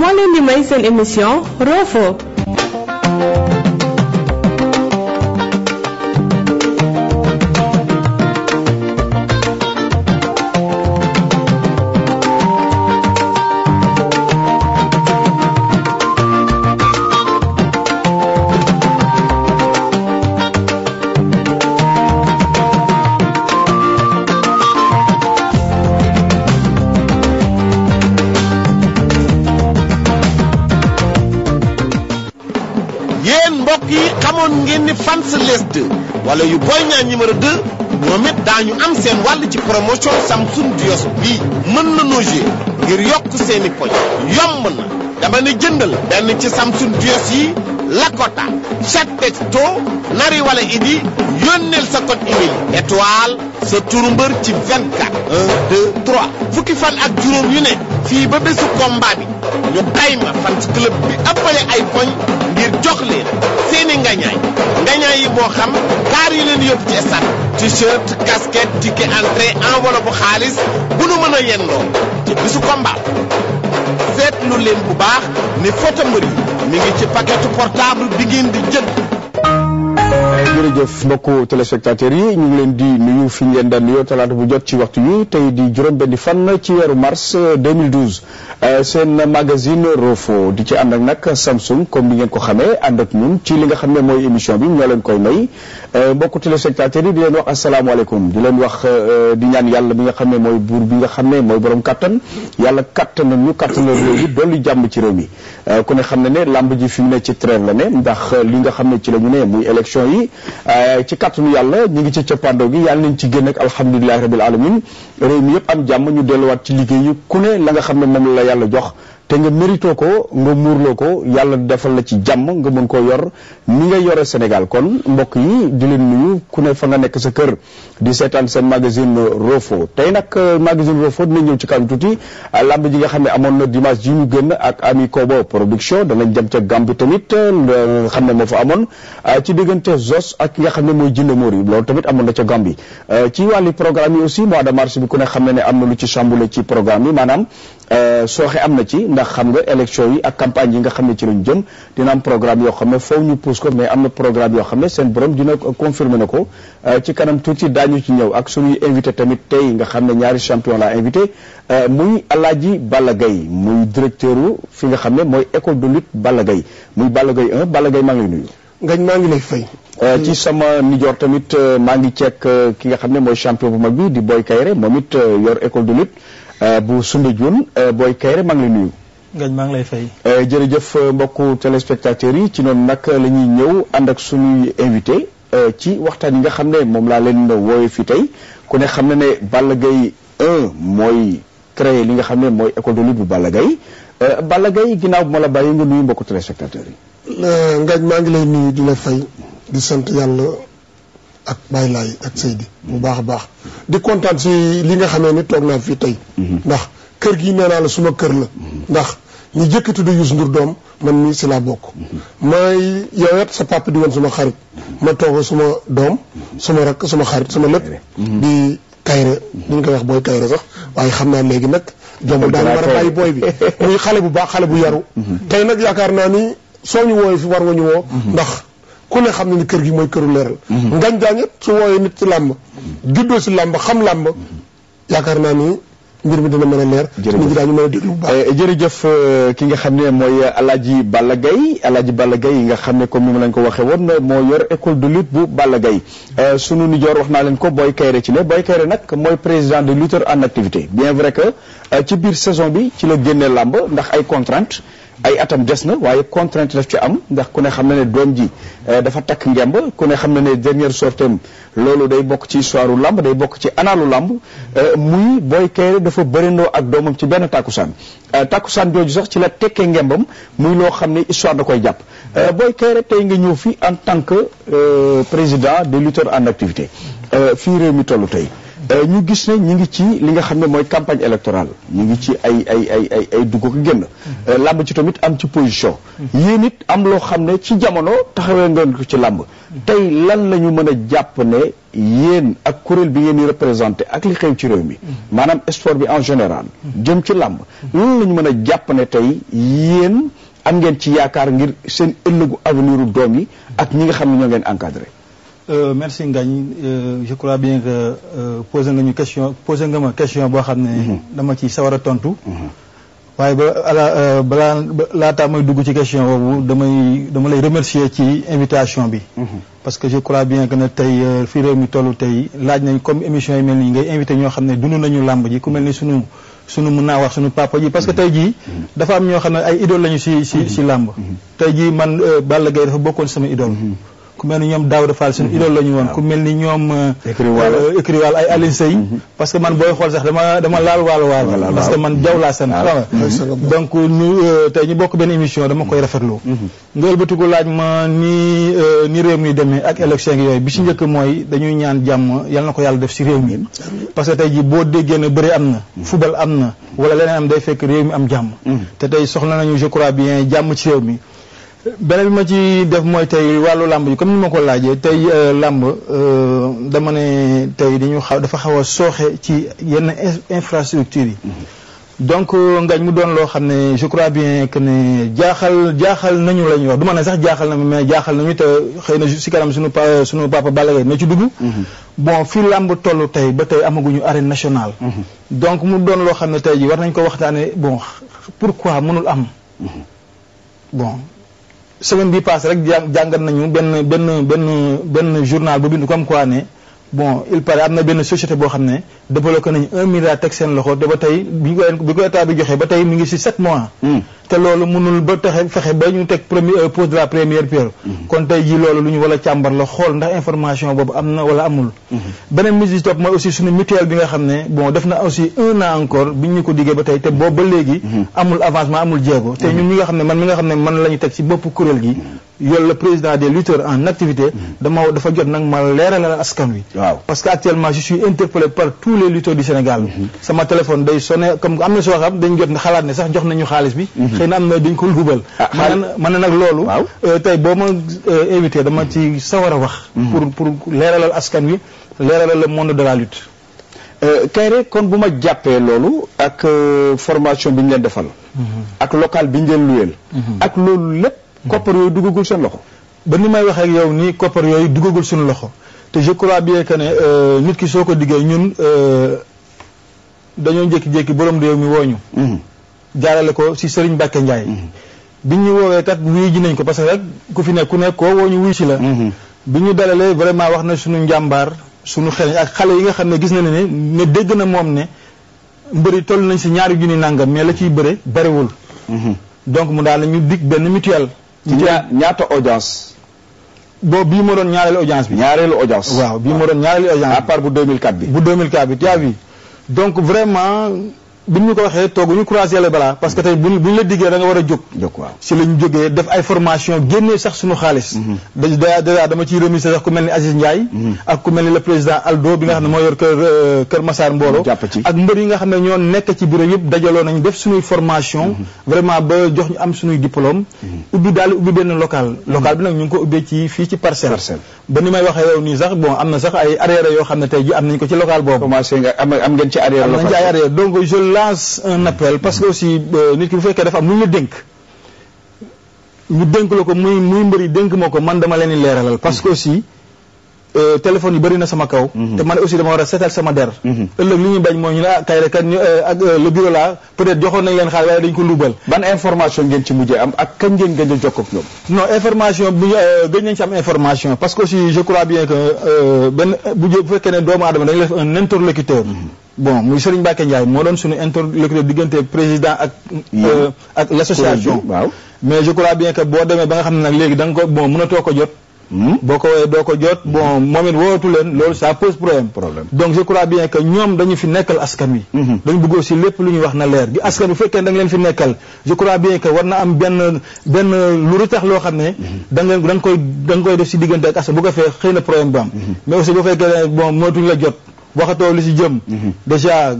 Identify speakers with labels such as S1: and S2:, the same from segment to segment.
S1: moo leen di may seen émission roofoo
S2: ni fans list wala yu Boy Niang numéro 2 ñoom it daañu am seen wàll ci promotion Samsung Dios bii mën na noje ngir yokk seeni poñ yomb na dama ne jëndal benn ci Samsung Dios yi Lakota chat texto nari wala idi yónneel sa code email étoile sa turu mbër ci 24 1 2 3 fukki fan ak juróom yu ne fii ba bésu combat bi ñu xayma fan club bi ëppale ay poñ ngir jox leen seeni ngañaay ngañaay yi moo xam kaar yi leen yóbbu ci stade t-shirt casquette ticket entrée enveloppe xaalis bu nu mën a yendoo ci bisu combat seetlu leen bu baax ni photo mbër yi mi ngi ci paquetu portable bi ngeen di jënd
S3: jërëjëf mbokku téléspectateurs yi ñu ngi leen di nuyu fi ngeen daan nuyoo talaata bu jot ci waxtu yi tey di juróom benni fan ci weeru mars 2012 Euh, seen magazine Roffo di ci ànd ak nag Samsung comme ni ngeen ko xamee ànd ak ñun ci li nga xam ne mooy émission bi ñoo leen koy may euh, mbokku téléspectateurs yi di leen wax asalaamaaleykum di leen wax euh, di ñaan yàlla bi nga xam ne mooy buur bi nga xam ne mooy boroom kattan yàlla kàttan na ñu kattan na réew mi jàmm ci réew mi ku ne xam ne ne làmb ji fi mu ne ci trêve la ne ndax li nga xam ne ci la ñu ne muy élection yi ci kattanu yàlla ñu ngi ci cëppaandoo gi yàlla nañ ci génn ak alhamdulilahi rabil alamin réew mi yëpp yàlla jox te nga mérito ko nga muurloo ko yàlla defal la ci jàmm nga mën koo yor ni nga yore Sénégal kon mbokk yi di leen nuyu ku ne fa nga nekk sa kër di seetaan seen magazine Rofo tey nag euh, magazine Rofo dina ñëw ci kanam tuuti euh, làmb ji nga xam ne amoon na dimanche ji ñu gën ak Ami Kobo production danañ jëm ca Gàmbi tamit euh, nga xam ne moo fa amoon ci diggante Zos ak nga xam ne mooy Jille Mori loolu tamit amoon na ca Gàmbi ci wàllu programme yi aussi mois de mars bi ku ne xam ne ne am na lu ci chamboulé ci programme yi maanaam sooxe am na ci ndax xam nga élection yi ak campagne yi nga xam ne ci lañ jën dina am programme yoo xam ne foofu ñu pousse ko mais am na programme yoo xam ne seen borom dina confirmer na ko euh, ci kanam tuuti daañu ci ñëw ak suñuy invité tamit tey nga xam ne ñaari champion la invité euh, muy ji Balla Gaye muy directeur wu fi nga xam ne mooy école de lutte Balla gay muy Balla gay 1 Balla Gaye maa ngi ngañ maa ngi lay fay. Euh, ci sama nijoor tamit maa ngi ceek ki nga xam ne mooy champion bu mag bi di Boy Kayre moom it yor école de lutte bu Soumbédioune Boy Kayre maa ngi lay nuyu.
S4: Ngañ maa ngi lay fay.
S3: Eh, jërëjëf euh, mbokku téléspectateurs yi ci noonu nag la ñuy ñëw ànd ak suñuy invité euh, ci waxtaan yi nga xam ne moom laa leen wooye fi tey ku ne xam na ne Balla Gaye 1 mooy créé li nga xam ne mooy école de lutte bu Balla Gaye euh, Balla Gaye ginnaaw bu ma la bàyyi nga mbokku téléspectateurs yi. Ngañ maa ngi lay nuyu di la di sant yàlla ak Baye Laye ak Seydi bu baax a baax di kontaan si li nga xamee ni toog naa fii tey. Mm-hmm. ndax kër gi nee la suma kër la mm-hmm. ndax. ñu jëkk tudd Youssou Ndour doom man mii si laa bokk may yow yëpp sa papa di woon suma xarit ma toog suma doom suma rakk suma xarit suma lépp di kayre duñ koy wax booy kayre sax waaye xam naa léegi nag jombul daal war a ay booy bi muy xale bu baax xale bu yaru mhm. tey nag yaakaar naa ni soo ñu wooyee fi war nga woo mhm. ndax ku ne xam ne ni kër gi mooy këru leeral mhm. ngañ jaañet su wooyee nit ci làmb juddoo si làmb xam làmb yaakaar naa ni mbir mi dina mën a leer. jërëjëf daal ñu mën a déglu eh, eh, ki nga xam ne mooy Alaaji Balla Gaye Alaaji Balla gay nga xam ne comme ni ma leen ko waxee woon moo yor école de lutte bu Balla Gaye eh, sunu nijoor wax naa leen ko Boy Kayre ci ne Boy Kayre nag mooy président de lutteur en activité bien vrai que ci biir saison bi ci la génnee làmb ndax ay contraintes. ay atam des na waaye contrainte daf ci am ndax ku ne xam na ne doom ji euh, dafa takk ngemb ku ne xam na ne dernière sortem loolu day bokk ci histoire u làmb day bokk ci analu làmb euh, muy Boy Kaïré dafa bërindoo ak doomam ci benn tàkkusaan euh, tàkkusaan jooju sax ci la tekkee ngembam muy loo xam ne histoire da koy jàpp Boy Kaïré tey nga ñëw fi en tant que président des lutteurs en activité fii réew mi tollu tey Euh, ñu gis ne ñu ngi ci li nga xam ne mooy campagne électorale ñu ngi ci ay ay ay ay ay dugg ko génn mm-hmm. euh, làmb ci tamit am ci position mm-hmm. yéen it am loo xam ne ci jamono taxawee ngeen ko ci làmb mm-hmm. tey lan la ñu mën a jàpp ne yéen ak kuréel bi ngeen di représenté ak li xew ci réew mi maanaam sport bi en général jëm ci làmb lan la ñu mën a jàpp ne tey yéen am ngeen ci yaakaar ngir seen ëllëgu avenir u doom yi ak ñi nga xam ne ñoo ngeen encadré
S4: Euh, merci ngañ euh, je crois bien que euh, posé nga ñu question posé nga ma question boo xam ne. Mhm. dama ci sawar a tontu. Mhm. waaye ba ala euh, balaa laataa may dugg ci question boobu damay dama lay remercier ci invitation bi. Mhm. parce que je crois bien que ne tey euh, fii réew mi tollu tey laaj nañ comme émission yi mel nii ngay invité ñoo xam ne dund nañu làmb ji ku mel ni sunu sunu mun naa wax sunu papa ji parce que tey jii. dafa am ñoo xam ne ay idole lañu si si si làmb. tey jii man euh, Balla Gaye dafa bokkoon sama idole. ku mel ni ñoom Daouda Fall suñu idole la ñu woon ku mel ni ñoom écrit euh, waal ay Aline Sey mm-hmm. parce que man booy xool sax dama dama laal waal waal parce que man jaw laa sant donc ñu euh, tey ñu bokk benn émission dama koy rafetlu mm-hmm. nga ëlbatiku laaj ma ni euh, ni réew mi demee ak élection gi yooyu bi si njëkk mooy dañuy ñaan jàmm yal na ko yàlla def si réew mi parce que tey ji boo déggee ne bëri am na mm-hmm. fubal am na wala leneen am day fekk réew mi am jàmm te tey soxla nañu je crois bien jàmm ci réew mi beneen bi ma ci def mooy tey wàllu làmb ji comme ni ma ko laajee tey euh, làmb euh, dama ne tey dañu xaw dafa xaw a sooxe ci yenn infrastructure yi mm-hmm. donc euh, ngañ mu doon loo xam ne je crois bien que ne jaaxal jaaxal nañu la ñuy wax du ma ne sax jaaxal na mais jaaxal nañu te xëy na si kanam suñu pa suñu papa Balla Gaye na ci dugg mm-hmm. bon fii làmb toll tey ba tey amaguñu arène national mm-hmm. donc mu doon loo xam ne tey ji war nañ ko waxtaane bon pourquoi mënul am bon semaine bi passé rek jàngat nañu benn benn benn benn journal bu bind comme quoi ne bon il paraît am na benn société boo xam ne développé nañu un milliard teg seen loxo te ba tey bi ko bi ko état bi joxee ba tey mi ngi si sept mois hmm. te loolu mënul ba taxe fexe ba ñu teg premier euh, pose de la première pierre. Mhm. kon tey jii loolu lu ñu wala càmbar la xool ndax information boobu am na wala amul. Mhm. beneen mise topp mooy aussi suñu mutuel bi nga xam ne bon def na aussi un ko diggee ba tey te boobu ba léegi. Mhm. amul avancement amul jéego. te ñun ñi xam ne man mi nga xam ne man la ñu teg ci bopp kuréel gi. yow le président des lutteurs en activité. dama dafa jot nag ma leeralal askan wi. waaw parce que actuellement je suis interpellé par tous les lutteurs du Sénégal. sama téléphone day sonné comme am na soo xam dañu jot xalaat ne sax jox nañu xaalis bi. xëy na am na duñ ko luubal man ah, man na nag loolu euh, tey boo ma euh, invité dama ci sawar a wax mhm. pour pour leeralal askan wi leeralal le monde de la lutte euh, Kairé kon bu ma jàppee loolu ak formation bi ñu leen defal mhm. ak local bi ñu leen luyeel mhm. ak loolu lépp koppar yooyu duggagul seen loxo ba ni may wax ak yow nii koppar yooyu duggagul suñu loxo te je bi bien que ne nit ki soo ko diggee ñun dañoo jékki-jékki borom réew mi wooñu jaarale ko si Serigne Mbacke Ndiaye. Mhm. bi ñu woowee kat wuyu ji nañ ko parce que rek ku fi nekk nekk koo woo ñu wuyu si la. Mhm. bi ñu dalalee vraiment wax na suñu njàmbaar sunu xel ak xale yi nga xam ne gis na ni ne dégg na moom ne mbëri toll nañ si ñaari junni nàngam mais la ciy bëre barewul. Mhm. donc mu daal ñu dig benn mutuel. ñaata audience. boobu bii moo doon ñaareelu audience bi. ñaareelu audience. waaw bii moo doon ñaareelu audience bi. bu 2004 bi. bu 2004 bi yaa bi donc vraiment. bi ñu ko waxee tooguñu croiser les bras parce que tey buñ bu ñu la diggee da nga war a jóg si la jógee def ay formation génnee sax suñu xaalis mm-hmm. da dèjà dama ciy remercier sax ku mel ni Aziz Ndiaye mm-hmm. ak ku mel ni le président Aldo bi nga xam ne moo yor kër euh, kër Massar ak mbër yi nga xam ne ñoo nekk ci bureau yëpp dajaloo nañu def suñuy formation mm-hmm. vraiment ba jox ñu am suñuy diplôme ubbi daal ubbi benn local local bi nag ñu ngi ko ubbee ci fii ci parcelle ba ni may waxee yow nii sax bon am na sax lance un appel parce que aussi euh, nit ki bu fekkee dafa am lu ñu la dénk ñu dénk la ko muy muy mbëri dénk moo ko man dama leen di leeralal parce que aussi euh, téléphone yi bëri na sama kaw mhm. te man aussi dama war a seetal sama der mhm. ëllëg li ñu bañ mooy ñu ne ah kay rek ñu euh, ak le bureau là peut être joxoon nañ leen xaalis waaye dañ ko luubal ban information ngeen ci mujjee am ak kañ ngeen gëj a jokkoo ak ñoom non information bu gëj nañ ci am information parce que aussi je crois bien que benn bu fekkee ne doomu aadama dañu def un interlocuteur mhm. bon muy Serigne Mbacke Ndiaye moo doon suñu interlocuteur diggante président ak. Euh, ak l' waaw mais je crois que boo demee ba nga xam ne nag léegi da nga ko bon mënatoo ko jot. Hmm? boo ko doo ko jot hmm. bon moom it wootu leen loolu ça pose problème. problème donc je crois bien que ñoom dañu fi nekkal askan wi. Hmm. dañu bëgg si lépp lu ñu wax na leer gi askan wi bu fekkee da nga leen fi nekkal je crois bien que benn loo xam ne. da nga da koy da koy def si diggante ak askan bu fee xëy na problème bu am. mais aussi bu fekkee bon jot. waxatoo lu si jëm mhm. déjà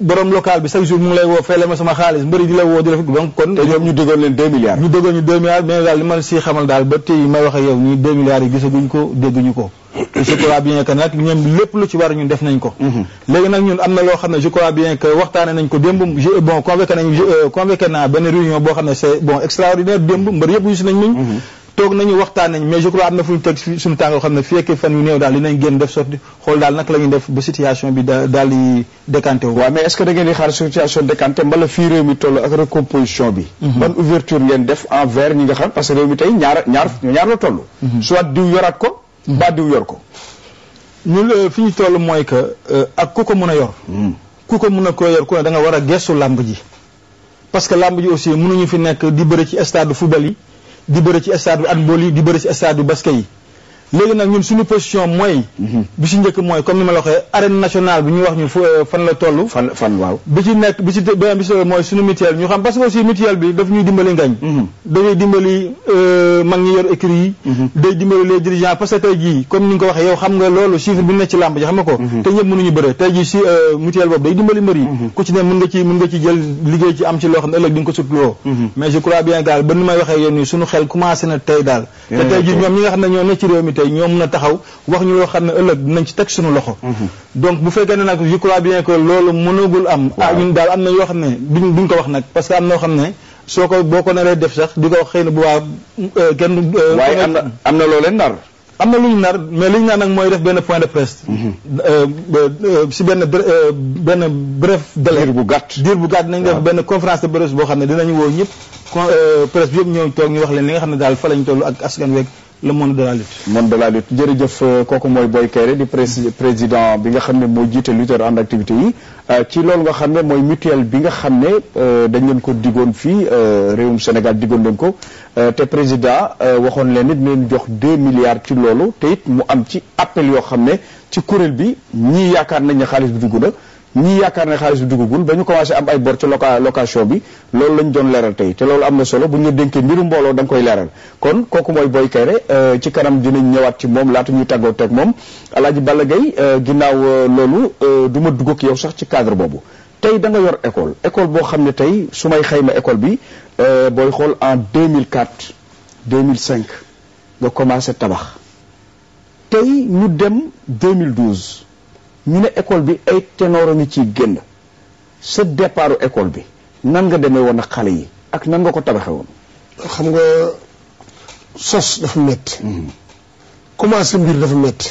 S4: borom local bi chaque jour mu ngi lay woo fayal sama xaalis mbëri di la woo di la donc kon te ñoom ñu déggoon leen deux milliards ñu déggoon ñu deux milliards mais daal li ma si xamal daal ba tey may wax yow ñi deux milliards yi gisaguñ ko dégguñu ko je crois bien nag ñoom lépp lu ci war ñu def nañ ko mhm. léegi nag ñun am na loo xam ne je bi bien que waxtaane nañ ko démb bon convoqué nañ euh, convoqué naa benn réunion boo xam ne c'est bon extraordinaire démb toog nañu waxtaan nañ mais je crois am na fu ñu teg suñu tànk yoo xam ne fekk fan yu néew daal dinañ génn def sorti xool daal naka la ñuy def ba situation bi da daal di décanté wu waaw mais est-ce di xaar situation décanté mbala
S3: mhm. def envers nga xam parce que réew mi tey ñaar ñaar ñaar la toll
S4: mhm. diw ko mhm. yor ko ñun euh, fi ñu toll mooy que euh, ak ku ko mën a yor ku ko mën a ko yor ku ne da nga war a gestu làmb ji parce que làmb ji aussi mënuñu fi nekk di bëri ci stade football yi di bëre ci stade bi handball yi di bëre ci stade bi basket yi léegi nag ñun suñu position mooy. Mhm. bi si njëkk mooy comme ni ma la waxee arène nationale bi ñu wax ñu euh, fan la toll. fan fan waaw. bi ci nekk bi ci beneen bi ci mooy suñu mutuelle ñu xam parce que aussi mutuelle bi daf ñuy dimbali ngañ. Mhm. dafay dimbali euh, mag ñi yor écrit yi. Mhm. day dimbali les dirigeants parce que jii comme ni nga waxee yow xam nga loolu chiffre bi nekk ci làmb ji xam nga ko. te ñëpp mënuñu euh, nga ci jël liggéey ci am ci loo xam ne ëllëg di nga ko sutloo. mais je crois tey ñoo mën a taxaw wax ñu loo xam ne ëllëg dinañ ci teg suñu loxo mhm. donc bu fekkee ne nag je crois bien que loolu mënagul am ah daal am na yoo xam ne duñ duñ ko wax nag parce que am noo xam ne soo ko boo ko naree def sax di ko xëy na bu waa euh, kenn euh, waaye am am na loo leen nar am na lu ñu nar mais li ñu nar nag mooy def benn point de presse. Mhm. Euh, si benn benn bref délai. diir bu gàtt diir bu gàtt nañ def benn conférence de presse boo xam ne dinañu woo ñëpp. presse bi yëpp ñëw toog ñu wax leen li nga xam ne daal fa lañ toll ak askan weeg le monde de la lutte. monde de la lutte jërëjëf euh, kooku mooy Boy Kairé di président bi nga xam ne mooy
S3: jiite lutteur en activité yi euh, ci loolu nga xam ne mooy mutuel bi nga xam ne euh, dañ leen ko diggoon fii réewum Sénégal diggoon leen ko te président waxoon leen it leen jox deux milliards ci loolu te it mu am ci appel yoo xam ne ci kuréel bi ñii yaakaar nañ ne xaalis bi dugg na. ñii yaakaar ne xaalis bi duggagul ba ñu commencé am ay bor ci loca location bi loolu lañ doon leeral tey te loolu am na solo bu ñu la dénkee mbiru mbooloo da nga koy leeral kon kooku mooy Boy Kayré euh, ci kanam dinañ ñëwaat ci moom laata ñu tàggoo teg moom Alaaji Balla Gaye euh, ginnaaw euh, loolu du ma dugg ak yow sax ci cadre boobu tey da nga yor école école boo xam ne tey su may xayma école bi booy xool en 2004 2005 nga commencé tabax tey ñu dem 2012 ñu ne école bi ay a ngi ci génn sa départu école bi nan nga demee woon ak xale yi ak nan nga ko tabaxe woon xam nga sos dafa metti mm-hmm. commencé mbir dafa metti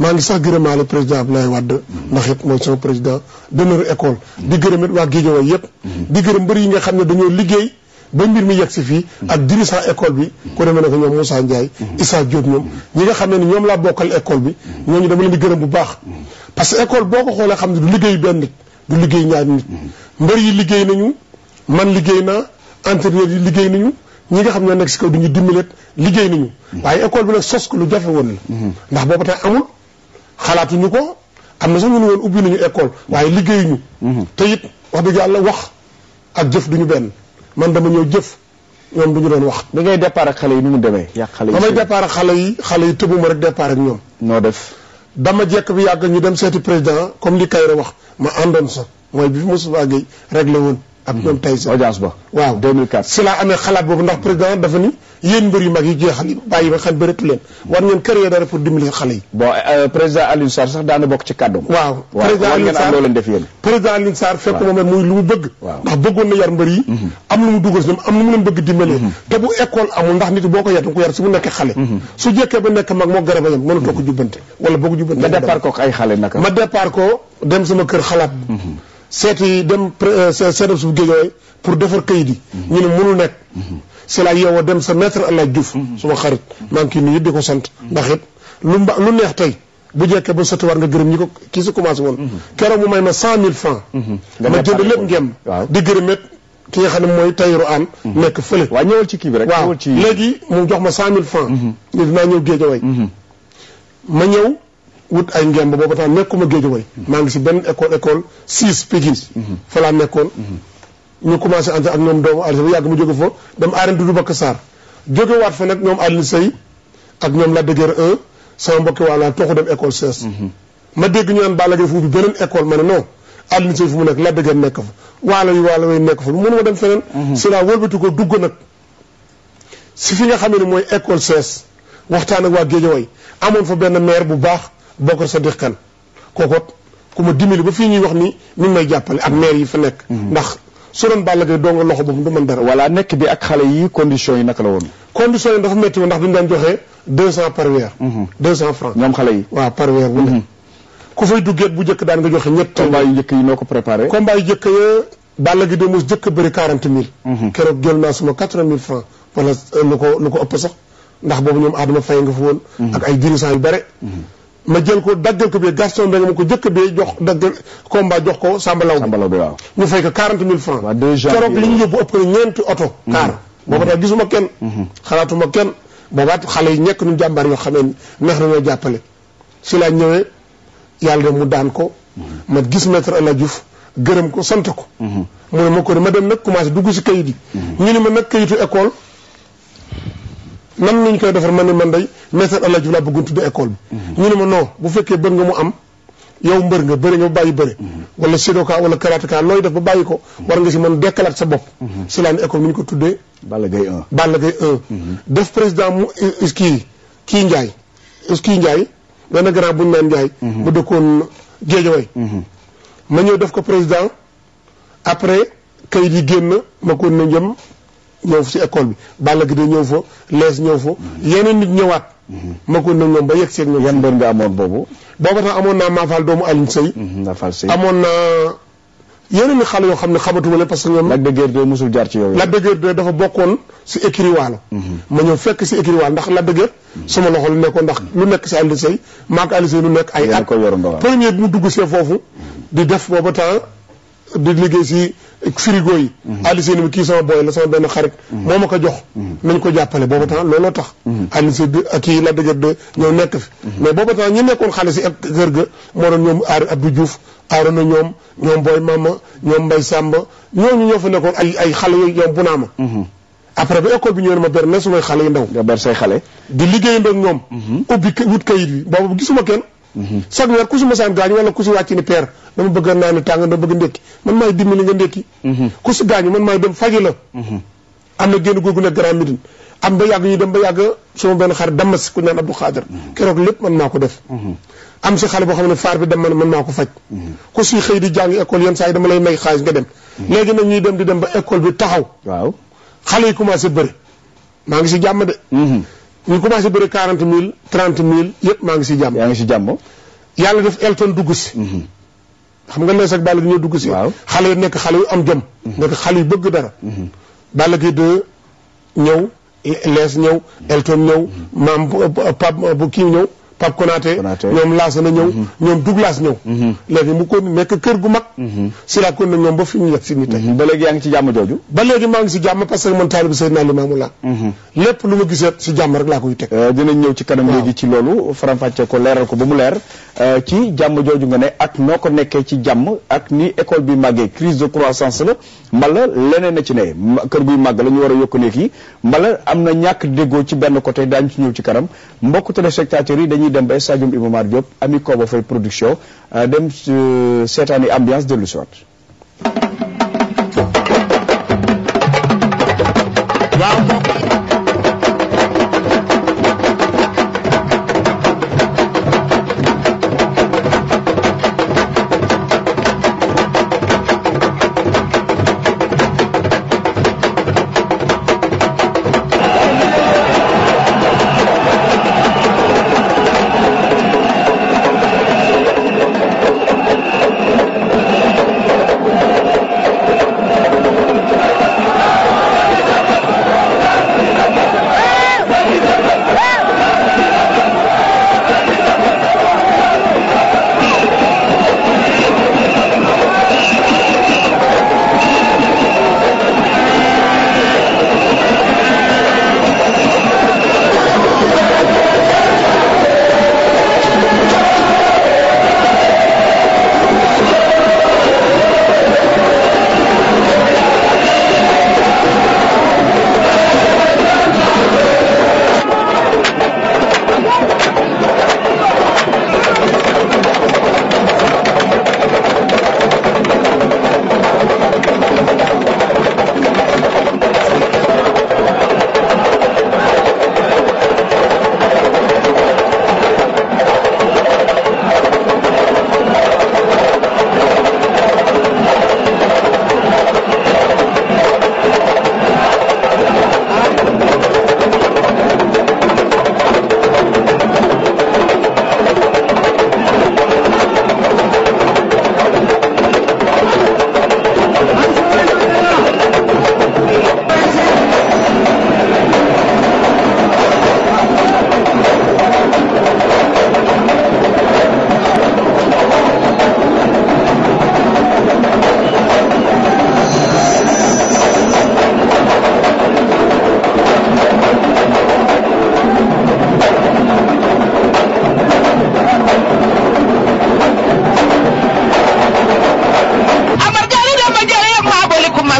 S3: maa ngi sax gërëmaale président Abdoulaye Wade mm-hmm. ndax it mooy sama président d'honneur école mm-hmm. di gërëm it waa Guédiawaye yëpp di gërëm mbër yi nga xam ne dañoo liggéey ba mbir mi yegg si fii ak dirigeant école bi ku demee ne ko ñoom Moussa Ndiaye Issa Diop ñoom ñi nga xam ne ni ñoom laa bokkal école bi ñooñu dama leen di gërëm bu baax parce que école boo ko xoolee xam ne du liggéey benn nit du liggéey ñaari nit mm-hmm. mbër yi liggéey nañu man liggéey na entraîneur yi liggéey nañu ñi nga xam ne nekk si kaw du ñu dimbalet liggéey nañu mm-hmm. waaye école bi nag sos ko lu jafe woon la mm-hmm. ndax booba tey amul xalaatuñu ko am na sax ñu ne woon ubbi nañu école waaye liggéeyuñu te it wax dëgg yàlla wax ak jëf duñu benn man dama ñëw jëf ñoom du ñu doon wax da ngay départ ak xale yi nu mu demee damay départ ak xale yi xale yi tëbuma rek départ ak ñoom noo def dama jekk bi yàgg ñu dem seeti président comme li Kayre wax ma àndoon sa mooy bi Moustapha Guèye réglé woon ak ñoom Tyson audience ba waaw 2004 si laa amee xalaat boobu ndax président dafa ni yéen mbër yu mag yi jeexal yi bàyyi ba xam bëreetu leen war ngeen créer dara pour dimbali xale yi bon euh, euh, président Alioune Sarr sax daana bokk ci kàddoom waaw président Alioune Sarr loo leen def muy lu mu bëgg ndax bëggoon na yar mbër yi mhm. am lu mu dugal si ñoom am lu mu leen bëgg dimbalee mhm. te bu école amul ndax nit boo ko yar ko yar su xale mhm. su jekkee ba nekk mag moo garab a yem mënatoo ko jubbante wala ma départ ko ay xale seeti dem euh, seetam subu géejooy pour defar kayit yi mm-hmm. ñu ne mënul nekk mm-hmm. si la yow a dem sa maître El Hadj Diouf mm-hmm. suma xarit maa ngi kii nuyu di ko sant ndax it lu mba lu neex tey bu jekkee ba sotti war nga gërëm ñi ko kii si commencé woon keroog mu may ma cent mille francs
S5: ma jënd lépp
S3: ngem di gërëm ki nga xam ne mooy tayiru aan nekk fële kii bi rek waaw léegi mu jox ma cent mille francs ni dinaa ñëw géejooy ma ñëw wut ay ngemb booba tax nekkuma Guédiawaye maa ngi si benn école école six Pikine mhm. fa laa nekkoon mhm. ñu commencé ante ak ñoom doomu Alioune ba yàgg ma jóge fa dem arène du Bakka Sarr jógewaat fa nag ñoom Alioune Seye ak ñoom la dëgër 1 sama mbokki waa laa toxu dem école mhm. ma dégg naan Balla Gaye fu ubbi beneen école ma ne non Alioune Seye fu nekk la dëgër nekk fa waalo yi waalo yi nekk fa mënu ma dem feneen si laa wëlbati dugg nag si fi nga xamee ne mooy école sees waxtaan ak waa Guédiawaye amoon fa benn maire bu baax Bokar Sadiq Kane kooku ku ma dimbali ba fii ñuy wax ni mi may jàppale ak maire yi fa nekk. Mhm. ndax su doon Balla Gaye doo nga loxo boobu du mën dara. voilà nekk bi ak xale yi conditions yi naka la woon. conditions yi ndax bi ñu par weer. Mhm. deux cent mhm. ku fay duggeet bu njëkk daan nga joxe ñett. combat yu yi noo ko préparé. combat yu njëkk ya Balla Gaye de mos njëkk a quarante mille. keroog jël naa suma quatre mille francs wala euh, lu ko ëpp sax ndax boobu ñoom Adama ma jël ko daggal ko bi Gaston Mbengue ma ko jëkk bi jox daggal combat jox ko Sambalaw bi Sambalaw bi waaw ñu fekk ko quarante mille francs keroog li ñu yóbbu ëpp na ñeenti oto kaar mm-hmm. booba tax gisuma kenn mm-hmm. xalaatuma kenn boobaat xale yi ñekk ñu jàmbaar yoo xamee neex na ñoo jàppale si laa ñëwee yàlla dem mu daan ko mm-hmm. ma gis maître El Hadj gërëm ko sant ko mu ne ma ko ma dem nag commencé dugg si kayit yi ñu ne ma nag kayitu école nan la ñu koy defar man ne man day maître El Hadj laa bëggoon tuddee école bi. Mm-hmm. ñu ne ma non bu fekkee bëgg nga mu am yow mbër nga bëri nga ba bàyyi bëri. Mm-hmm. wala judoka wala karateka looy def ba bàyyi ko. Mm-hmm. war nga si mën dekkalaat sa bopp. si laa ne ñu ko tuddee. Balla Gaye 1 def président mu kii kii Ndiaye. kii Ndiaye benn grand bu ñu naan Ndiaye. bu dëkkoon Géejawaay. ma ñëw def ko président après kayit yi génn ma ko na njëm. ñëw ci école bi Balla Gaye ñëw fa lees ñëw fa yeneen nit ñëwaat ma ko nag ñoom ba yegg seeg ñoom yan mbër nga amoon boobu booba tax amoon naa Mafal doomu Alioune Seye mhm, Mafal Seye amoon naa yeneen ni xale yoo xam ne xamatuma leen parce que ñoom Lac de Guiers 2 mosul jaar ci yow Lac de Guiers 2 dafa bokkoon si écurie Waalo mhm. ma ñëw fekk si écurie ndax Lac de Guiers mhm. sama loxo lu nekkoon ndax lu nekk si Alioune Seye maak Alioune Seye lu nekk ay at premier bi mu dugg see foofu di def booba di liggéey si frigo yi mhm. Aliou Seyni kii sama booy la sama benn xarit mhm. moo ma ko jox mhm. nañ ko jàppale booba temps looloo tax Aliou Seyni la dëgër de ñëw nekk fi mais booba temps ñi nekkoon xale si ak kër ga moo doon ñoom aar Abdou Diouf aarona ñoom ñoom booy mama ñoom mbay sàmba ñooñu ñoo fa nekkoon ay xale yooyu ñoom bu naa ma après ba école bi ñëw na ma ber sumay xale yu ndaw ñoom ubbi wut kayit bi boobu gisuma kenn chaque weer ku si masaan gaañu wala ku si wàcc ni père dama bëgg a naan tàng dama bëgg ndékki man maay dimbali nga ndékki ku si gaañu man maay dem faji la am si xale boo xam ne faar bi dem man man maa ko faj ku si xëy di jàng école yenn saa yi dama lay may xaalis nga dem léegi nag ñuy dem di dem ba école bi taxaw waaw xale yi commencé bëri maa ngi si jàmm de ñu commencé bëri quarante mille trente mille yëpp maa ngi si jàmm. yaa ngi si jàmm. yàlla def Elton dugg si. xam nga les ak Balla Gaye ñoo dugg si. waaw xale yu nekk xale yu am jom. nekk xale yu bëgg dara. Balla gi de ñëw lees ñëw. Elton ñëw maam Pape bu kii ñëw. Pape Konaté ñoom laas na ñëw mhm. ñoom dug laas ñëw mhm. léegi mu ko nekk kër gu mag mhm. si laa kon na ñoom si ni ba léegi yaa ngi ci jàmm jooju ba léegi maa ngi si jàmm la lépp lu ma rek laa koy teg euh, dinañ ñëw ci kanam léegi ci loolu faram ko leeral ko ba mu leer euh, ci jàmm jooju nga ne ak noo ko nekkee ci jàmm ak ni école bi màggee crise de croissance la mbala leneen na ci ne kër guy màgg la war a yokk néeg yi mbala am na ñàkk déggoo ci benn côté daañu ci ñëw ci kanam mbokk téléspectateurs yi dañuy dañuy dem ba stadium Iba Mar Diop ami Koba Faye production euh, dem euh, seetaani ambiance dellu si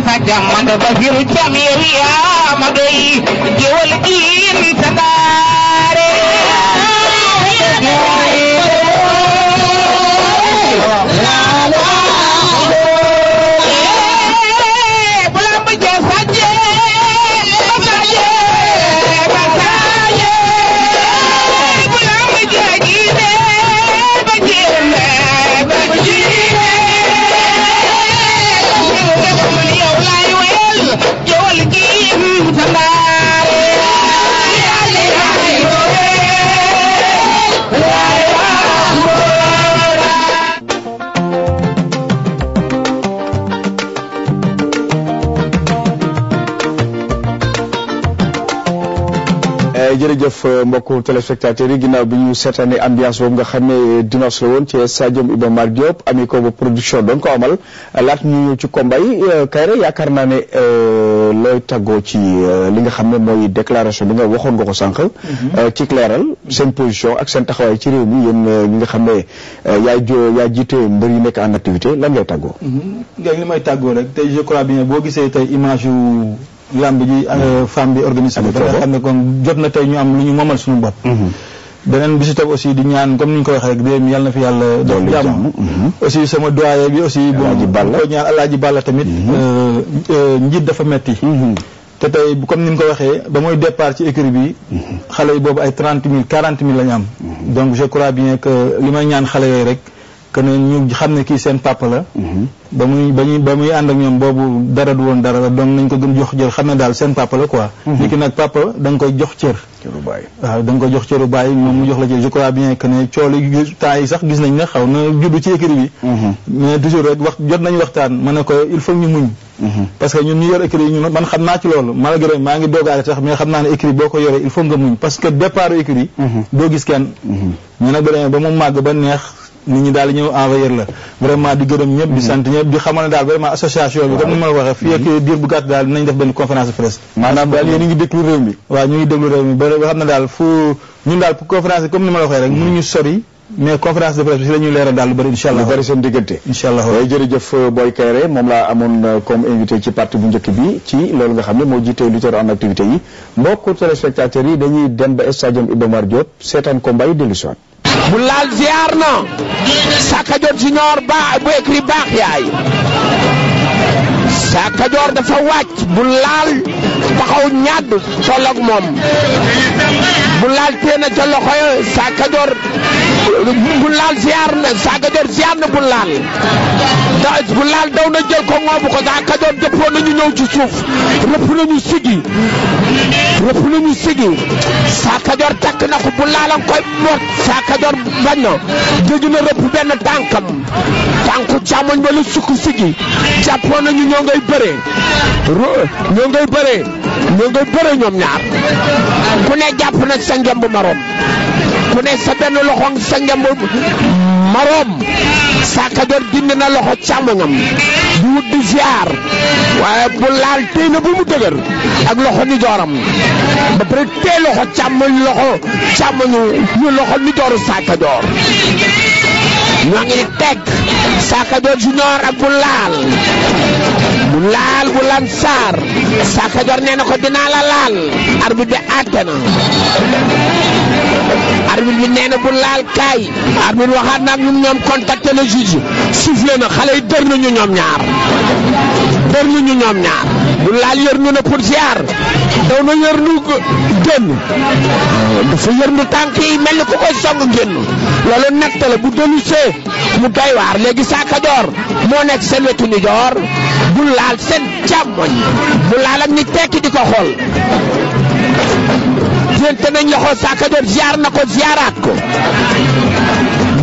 S2: sa jàmm da Basiru Cam yariya ma doy géwal diin sa ndaare
S3: jërëjëf euh, mbokku téléspectateurs yi ginnaaw bi ñu seetaane ambiance boobu nga xam ne euh, dimanche la woon ci stadium Iba Mar Diop ami ko ba production doon ko amal euh, laat ñu ñëw ci combat Kayre yaakaar naa ne looy taggoo ci li nga xam ne mooy déclaration bi nga waxoon nga ko sànq. Mhm. ci leeral seen position ak seen taxawaay ci nga xam ne yaay jo yaa jiite mbër yi
S4: nekk en activité lan ngay tàggoo. Mhm. boo gisee tey image làmb ji euh, fem bi organisé bi nga xam ne kon jot na tey ñu am lu ñu moomal suñu bopp mhm. beneen bi si tam aussi di ñaan comme ni ñu ko waxee rek réew yàlla na fi yàlla def jàmm mhm. aussi sama doyen bi aussi bon ko ñaan alaaji Balla tamit mhm. euh, euh, njiit dafa metti te tey comme ni mu ko waxee ba mooy départ ci bi xale yi boobu ay trente mille quarante mille la ñu am donc je crois bien que li may ñaan xale yooyu rek que ñu xam ne kii seen papa mhm. ba muy ba muy ànd ak ñoom boobu dara du woon dara donc nañ ko gën jox jël xam ne daal seen papa la quoi. Mhm. nag papa da koy jox cër. waaw da koy jox cëru bàyyi moom mu jox la ci je crois bien que ne cool yi temps yi sax gis nañ ne xaw na judd ci écrit bi. Mhm. mais toujours rek wax jot nañu waxtaan ma ne ko il faut ñu muñ. parce que ñu yor écrit yi ñun man xam naa ci loolu malgré maa ngi doogaale nit ñi daal ñëw envoyé la vraiment di gërëm ñëpp di sant ñëpp di xamal ne daal vraiment association bi comme ni ma la waxee fii ak mm-hmm. bu gàtt daal dinañ def benn conférence de presse maanaam daal yéen a ngi déglu réew mi waaw ñu ngi déglu réew mi ba xam ne daal fu ñun daal conférence comme ni ma la waxee rek mënuñu mm-hmm. sori mais conférence de presse bi si la leeral daal lu bëri incha allah lu bëri seen diggante
S3: incha allah waaye jërëjëf Boy Kairé amoon euh, comme invité ci partie bu njëkk bi ci nga xam ne moo jiite lutteur en activité yi mbokk téléspectateurs yi dañuy dem ba stadium Iba Mar Diop seetaan
S1: bu laal ziar na Sakka baax junior ba bu baax yaay Sakka Joor dafa wàcc bu laal taxaw ñàdd tolloog moom bu laal téena ca loxo bul laal ziar na saa kajoor ziar na bul laal bul laal daw na jël ko ngoobu ko saa kajoor jëppoon nañu ñëw ci suuf rëpp nañu sigi rëpp nañu sigi saa kajoor takk na ko bul laal a koy mot saa kajoor bañ na dëgg na rëpp benn tànkam tànku càmmoñ ba la sukk sigi jàppoon nañu ñoo ngay bëree ñoo ngay bëree ñoom ñaar ku ne jàpp na sa njomb marom ku ne sa benn loxo sa ngemb maroom Sakka dindi na loxo càmmoñam di wut di ziar waaye bu laal téy na bu mu dëgër ak loxo ni ba pare téye loxo càmmoñ loxo càmmoñu ñu loxo ni jooru Sakka Joor
S5: ñoo ngi teg
S1: Sakka Joor junior ak bu laal bu laal bu lan saar Sakka Joor nee na ko dinaa la laal arbitre bi àtte na arbitre bi nee na bu laal kaay arbitre waxaat naa ak ñun ñoom contacté na juge soufflé na xale yi dër nañu ñoom ñaar dër nañu ñoom ñaar bu laal yërnu na pour ziar daw na yërnu génn dafa yërnu tànk yi mel ni ku koy song génn loolu natt la bu dellu see mu doy waar léegi saaka joor moo nekk seen wetu ni joor bu laal seen càmmoñ bu laal ak ni tekki di ko xool. te nañ loxo Sakka Diop na ko ziaraat ko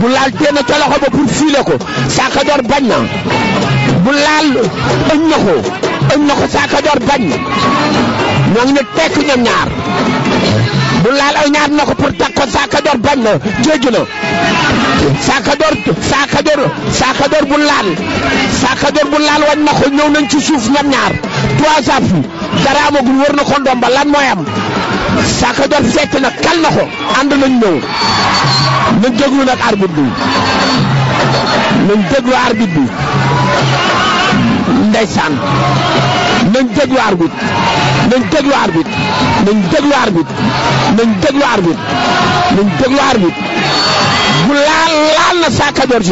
S1: bu laal téena ca loxo ba pour fiile ko Sakka Diop bañ na bu laal ëñ na ko ëñ na ko Sakka bañ ñoo ngi ne tekk ñoom ñaar bu laal aw ñaar na ko pour tàq ko saaka door bañ na jéggi na saaka door saaka bu laal saaka door bu laal wañ na ko ñëw nañ ci suuf ñam ñaar trois appuis dara amagul wër na ko ndomba lan mooy am saaka door fekk na kal na ko ànd nañ ñëw nañ déglu nag arbitre bi nañ déglu arbitre bi ndeysaan nañ déglu arbitre nañ déglu arbitre nañ déglu arbitre nañ déglu arbitre nañ déglu arbitre bu laal laal na Sa Cadior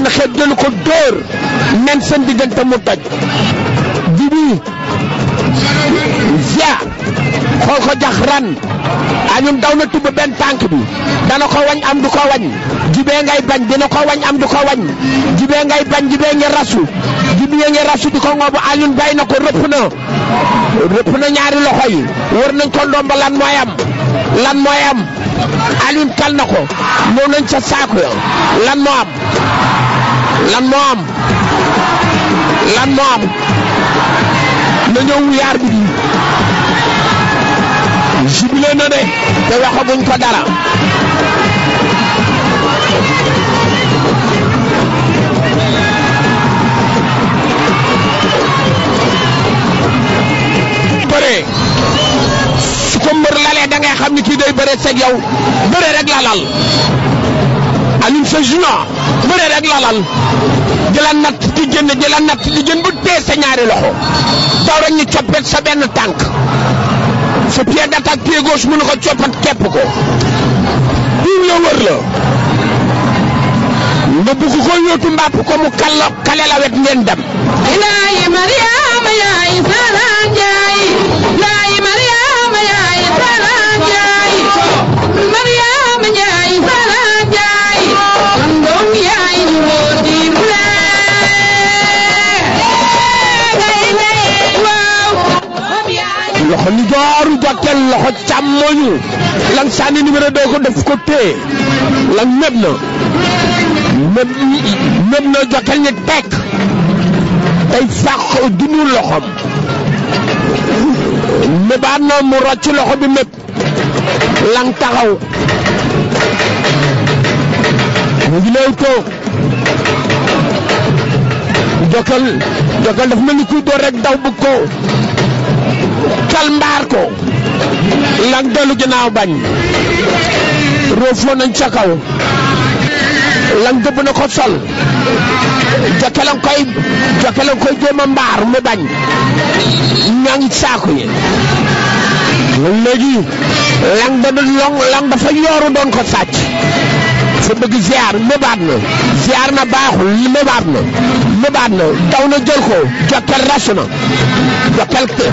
S1: na xeet jëlu ko dóor même seen diggante mu toj jibi ja xool ko jax ran añum ah, daw na tubb benn tànk bi dana ko wañ am du ko wañ jibee ngay bañ dina ko wañ am du ko wañ jibee ngay bañ jibee ngi rasu jibee ngi rasu di ko ngoobu añum ah, bay na ko rëpp na rëpp na ñaari loxo yi wër nañ ko ndomba lan mooy am lan mooy na ko ñëw nañ ca lan moo am lan moo am lan moo na ñëw yaar bi di jubile na de te waxaguñ ko dara bëre su ko mbër lalee da ngay xam ni kii day bëre seg yow bëre rek la lal Alioune Sèye Junior bëree rek lalal di la natt di génn di la natt di génn bu tee sa ñaari loxo daw rek coppet sa benn tànk sa pied d'attaque pied gauche mënu ko coppat képp ko bii ñoo wër la nga bugg ko yóotu mbàpp ko mu kàlla kale la wet ngeen dem. loxo ndijooru jokkeel loxo càmmoñu lang sànni numéro doo ko def ko téye lang nëb na nëb na jokkeel ñi tekk tey fàq dunu loxom nëbaat na mu rocc loxo bi nëb lang taxaw mu ngi leew jokkeel jokkeel daf mel ni kuy door rek daw bëgg ko fal mbaar ko lang dellu ginnaaw bañ roofoo nañ ca kaw lang dëbb na ko sol jokke lañ koy jokke lañ koy jéem a mbaar mu bañ ñaa ngi saaku yi léegi lang da doon long lang dafa yooru doon ko sàcc sa bëgg ziar mëbaat na ziar na baaxul mëbaat na mëbaat na daw na jël ko jottal rasu na jottal te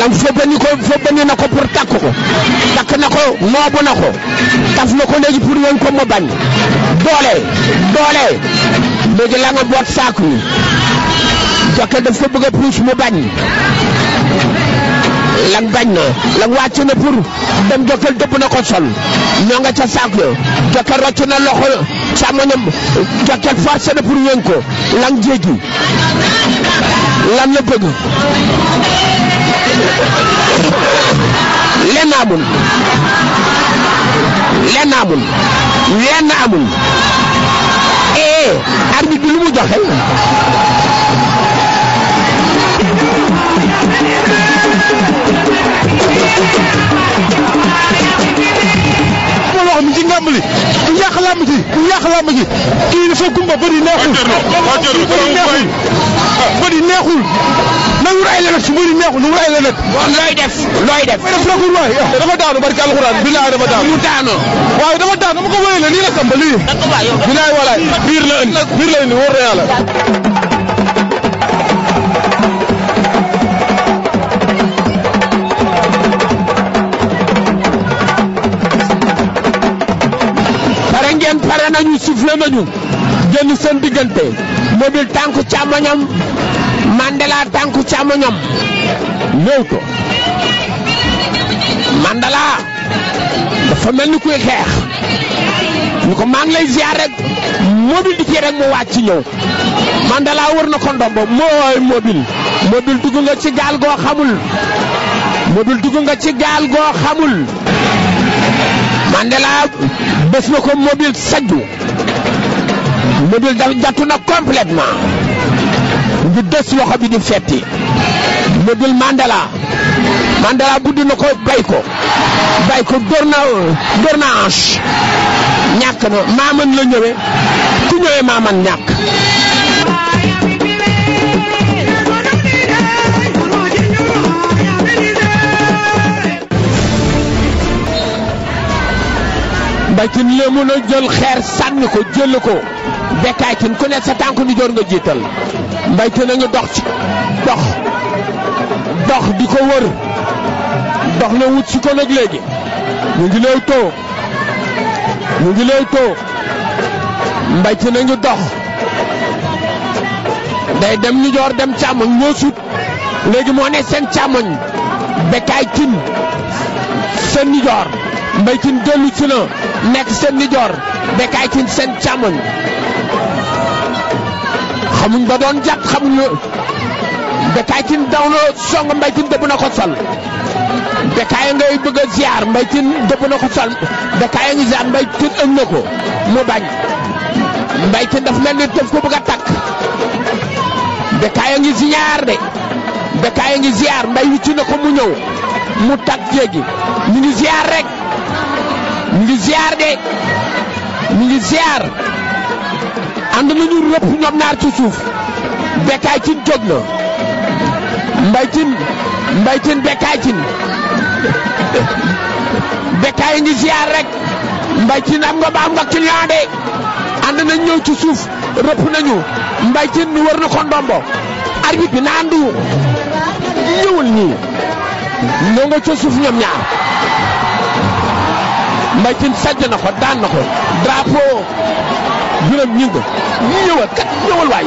S1: lam fobbani ko fobbani na ko pour takk ko takk na ko moobu na ko taf na ko léegi pour yéen ko ma bañ doole doole léegi la nga boot saako yi jottal daf ko bëgg puus mu bañ. lan bañ na lan wàcc na pour dem Jokal dëpp na ko sol ñoo nga ca saak ya Jokal rocc na loxo càmmoñam Jokal forcé na pour yéen ko Lang jéegi lan la bëgg lenn amul lenn amul lenn amul ee eh, arbitre lu mu joxe
S6: wax mi ci ngàmb li ku yàq làmb ji ji kii dafa gumba bëri neexul bëri neexul bëri neexul na wut ay lewet si bëri neexul na wut ay lewet looy def looy def procure waay dafa daanu barki alxuraan bilaay dafa daanu mu daanu da dafa daanu ma ko wëree la nii la samba lii bilaay walaay biir la indi biir la indi wóor na
S1: pare nañu sifflé nañu génn seen diggante mobile tànku càmmoñam Mandela tànku càmmoñam léew to dafa mel ni kuy xeex ñu ko maa ngi lay ziar rek mobile di kii rek mu wàcc ñëw Mandela wër na ko ndombo mooy mobile mobile dugg nga ci gaal goo xamul mobile dugg nga ci gaal goo xamul Mandela bés na ko mobile sajju mobile da jàttu na complètement ñu des loxo bi di fetti mobile Mandela Mandela buddi na ko bay ko bay ko dóor na dóor ñàkk na maaman la ñëwee ku ñëwee maaman ñàkk mbaytin léemu na jël xeer sànni ko jël ko bekkaay tin ku ne sa tànk ni nga jiital mbaytin a ngi dox dox di ko wër dox na wut si ko nag léegi ñu ngi leew too ñu ngi leew too mbaytin a ngi dox day dem ni joor dem càmmoñ moo sut léegi moo ne seen càmmoñ bekkaay tin seen ni Mbaye Tine dellu ci na nekk seen nijoor Bécaye Tine seen càmmoñ xamuñ ba doon jàpp xamuñ la Bécaye Tine daw na song Mbaye Tine dëbb na ko sol Bécaye ngay bëgg a ziar Mbaye Tine dëbb na ko sol Bécaye ngi ziar Mbaye Tine ëng na ko mu bañ Mbaye Tine daf mel ni daf ko bëgg a takk Bécaye ngi ziar de Bécaye ngi ziar Mbaye wicci na ko mu ñëw mu takk jéegi ñu ngi ziar rek. ñu ngi ziar de ñu ngi ziar ànd nañu rëpp ñoom ñaar ci suuf Bécaye Thine jóg na Mbaye Thine Mbaye Thine Bécaye Thine ngi ziar rek Mbaye Thine am nga ba am nga client de ànd nañ ñëw ci suuf rëpp nañu Mbaye Thine wër na ko ndombo arbitre bi naan du ñëwul nii ñoo nga ca suuf ñoom ñaar. Mbaye Tine sajj na ko daan na ko drapeau juróom ñi nga ñëwal kat ñëwal waay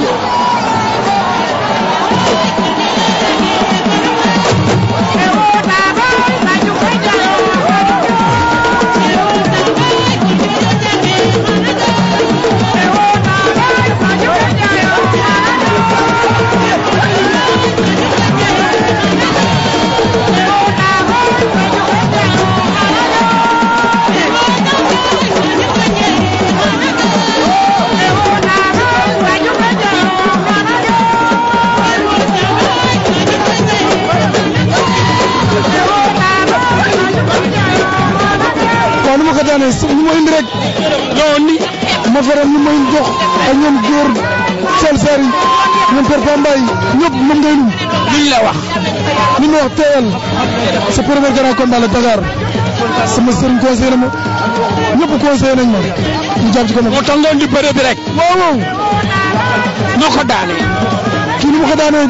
S5: ko daanee ñu ma
S1: indi rek non ni ma faral ñu ma indi jox ak ñoom góor Sall Sarr
S7: yi ñoom Père Pambaay ñëpp moom ngay num liñ la wax li ma wax teeyal sa premier grand combat la Dakar sama sëriñ conseil na ma ñëpp
S1: conseil nañ ma ñu jàpp ci ko nag. moo tax ngoon di bëre bi rek. waaw waaw. noo ko daanee.
S7: kii ni ma ko daanee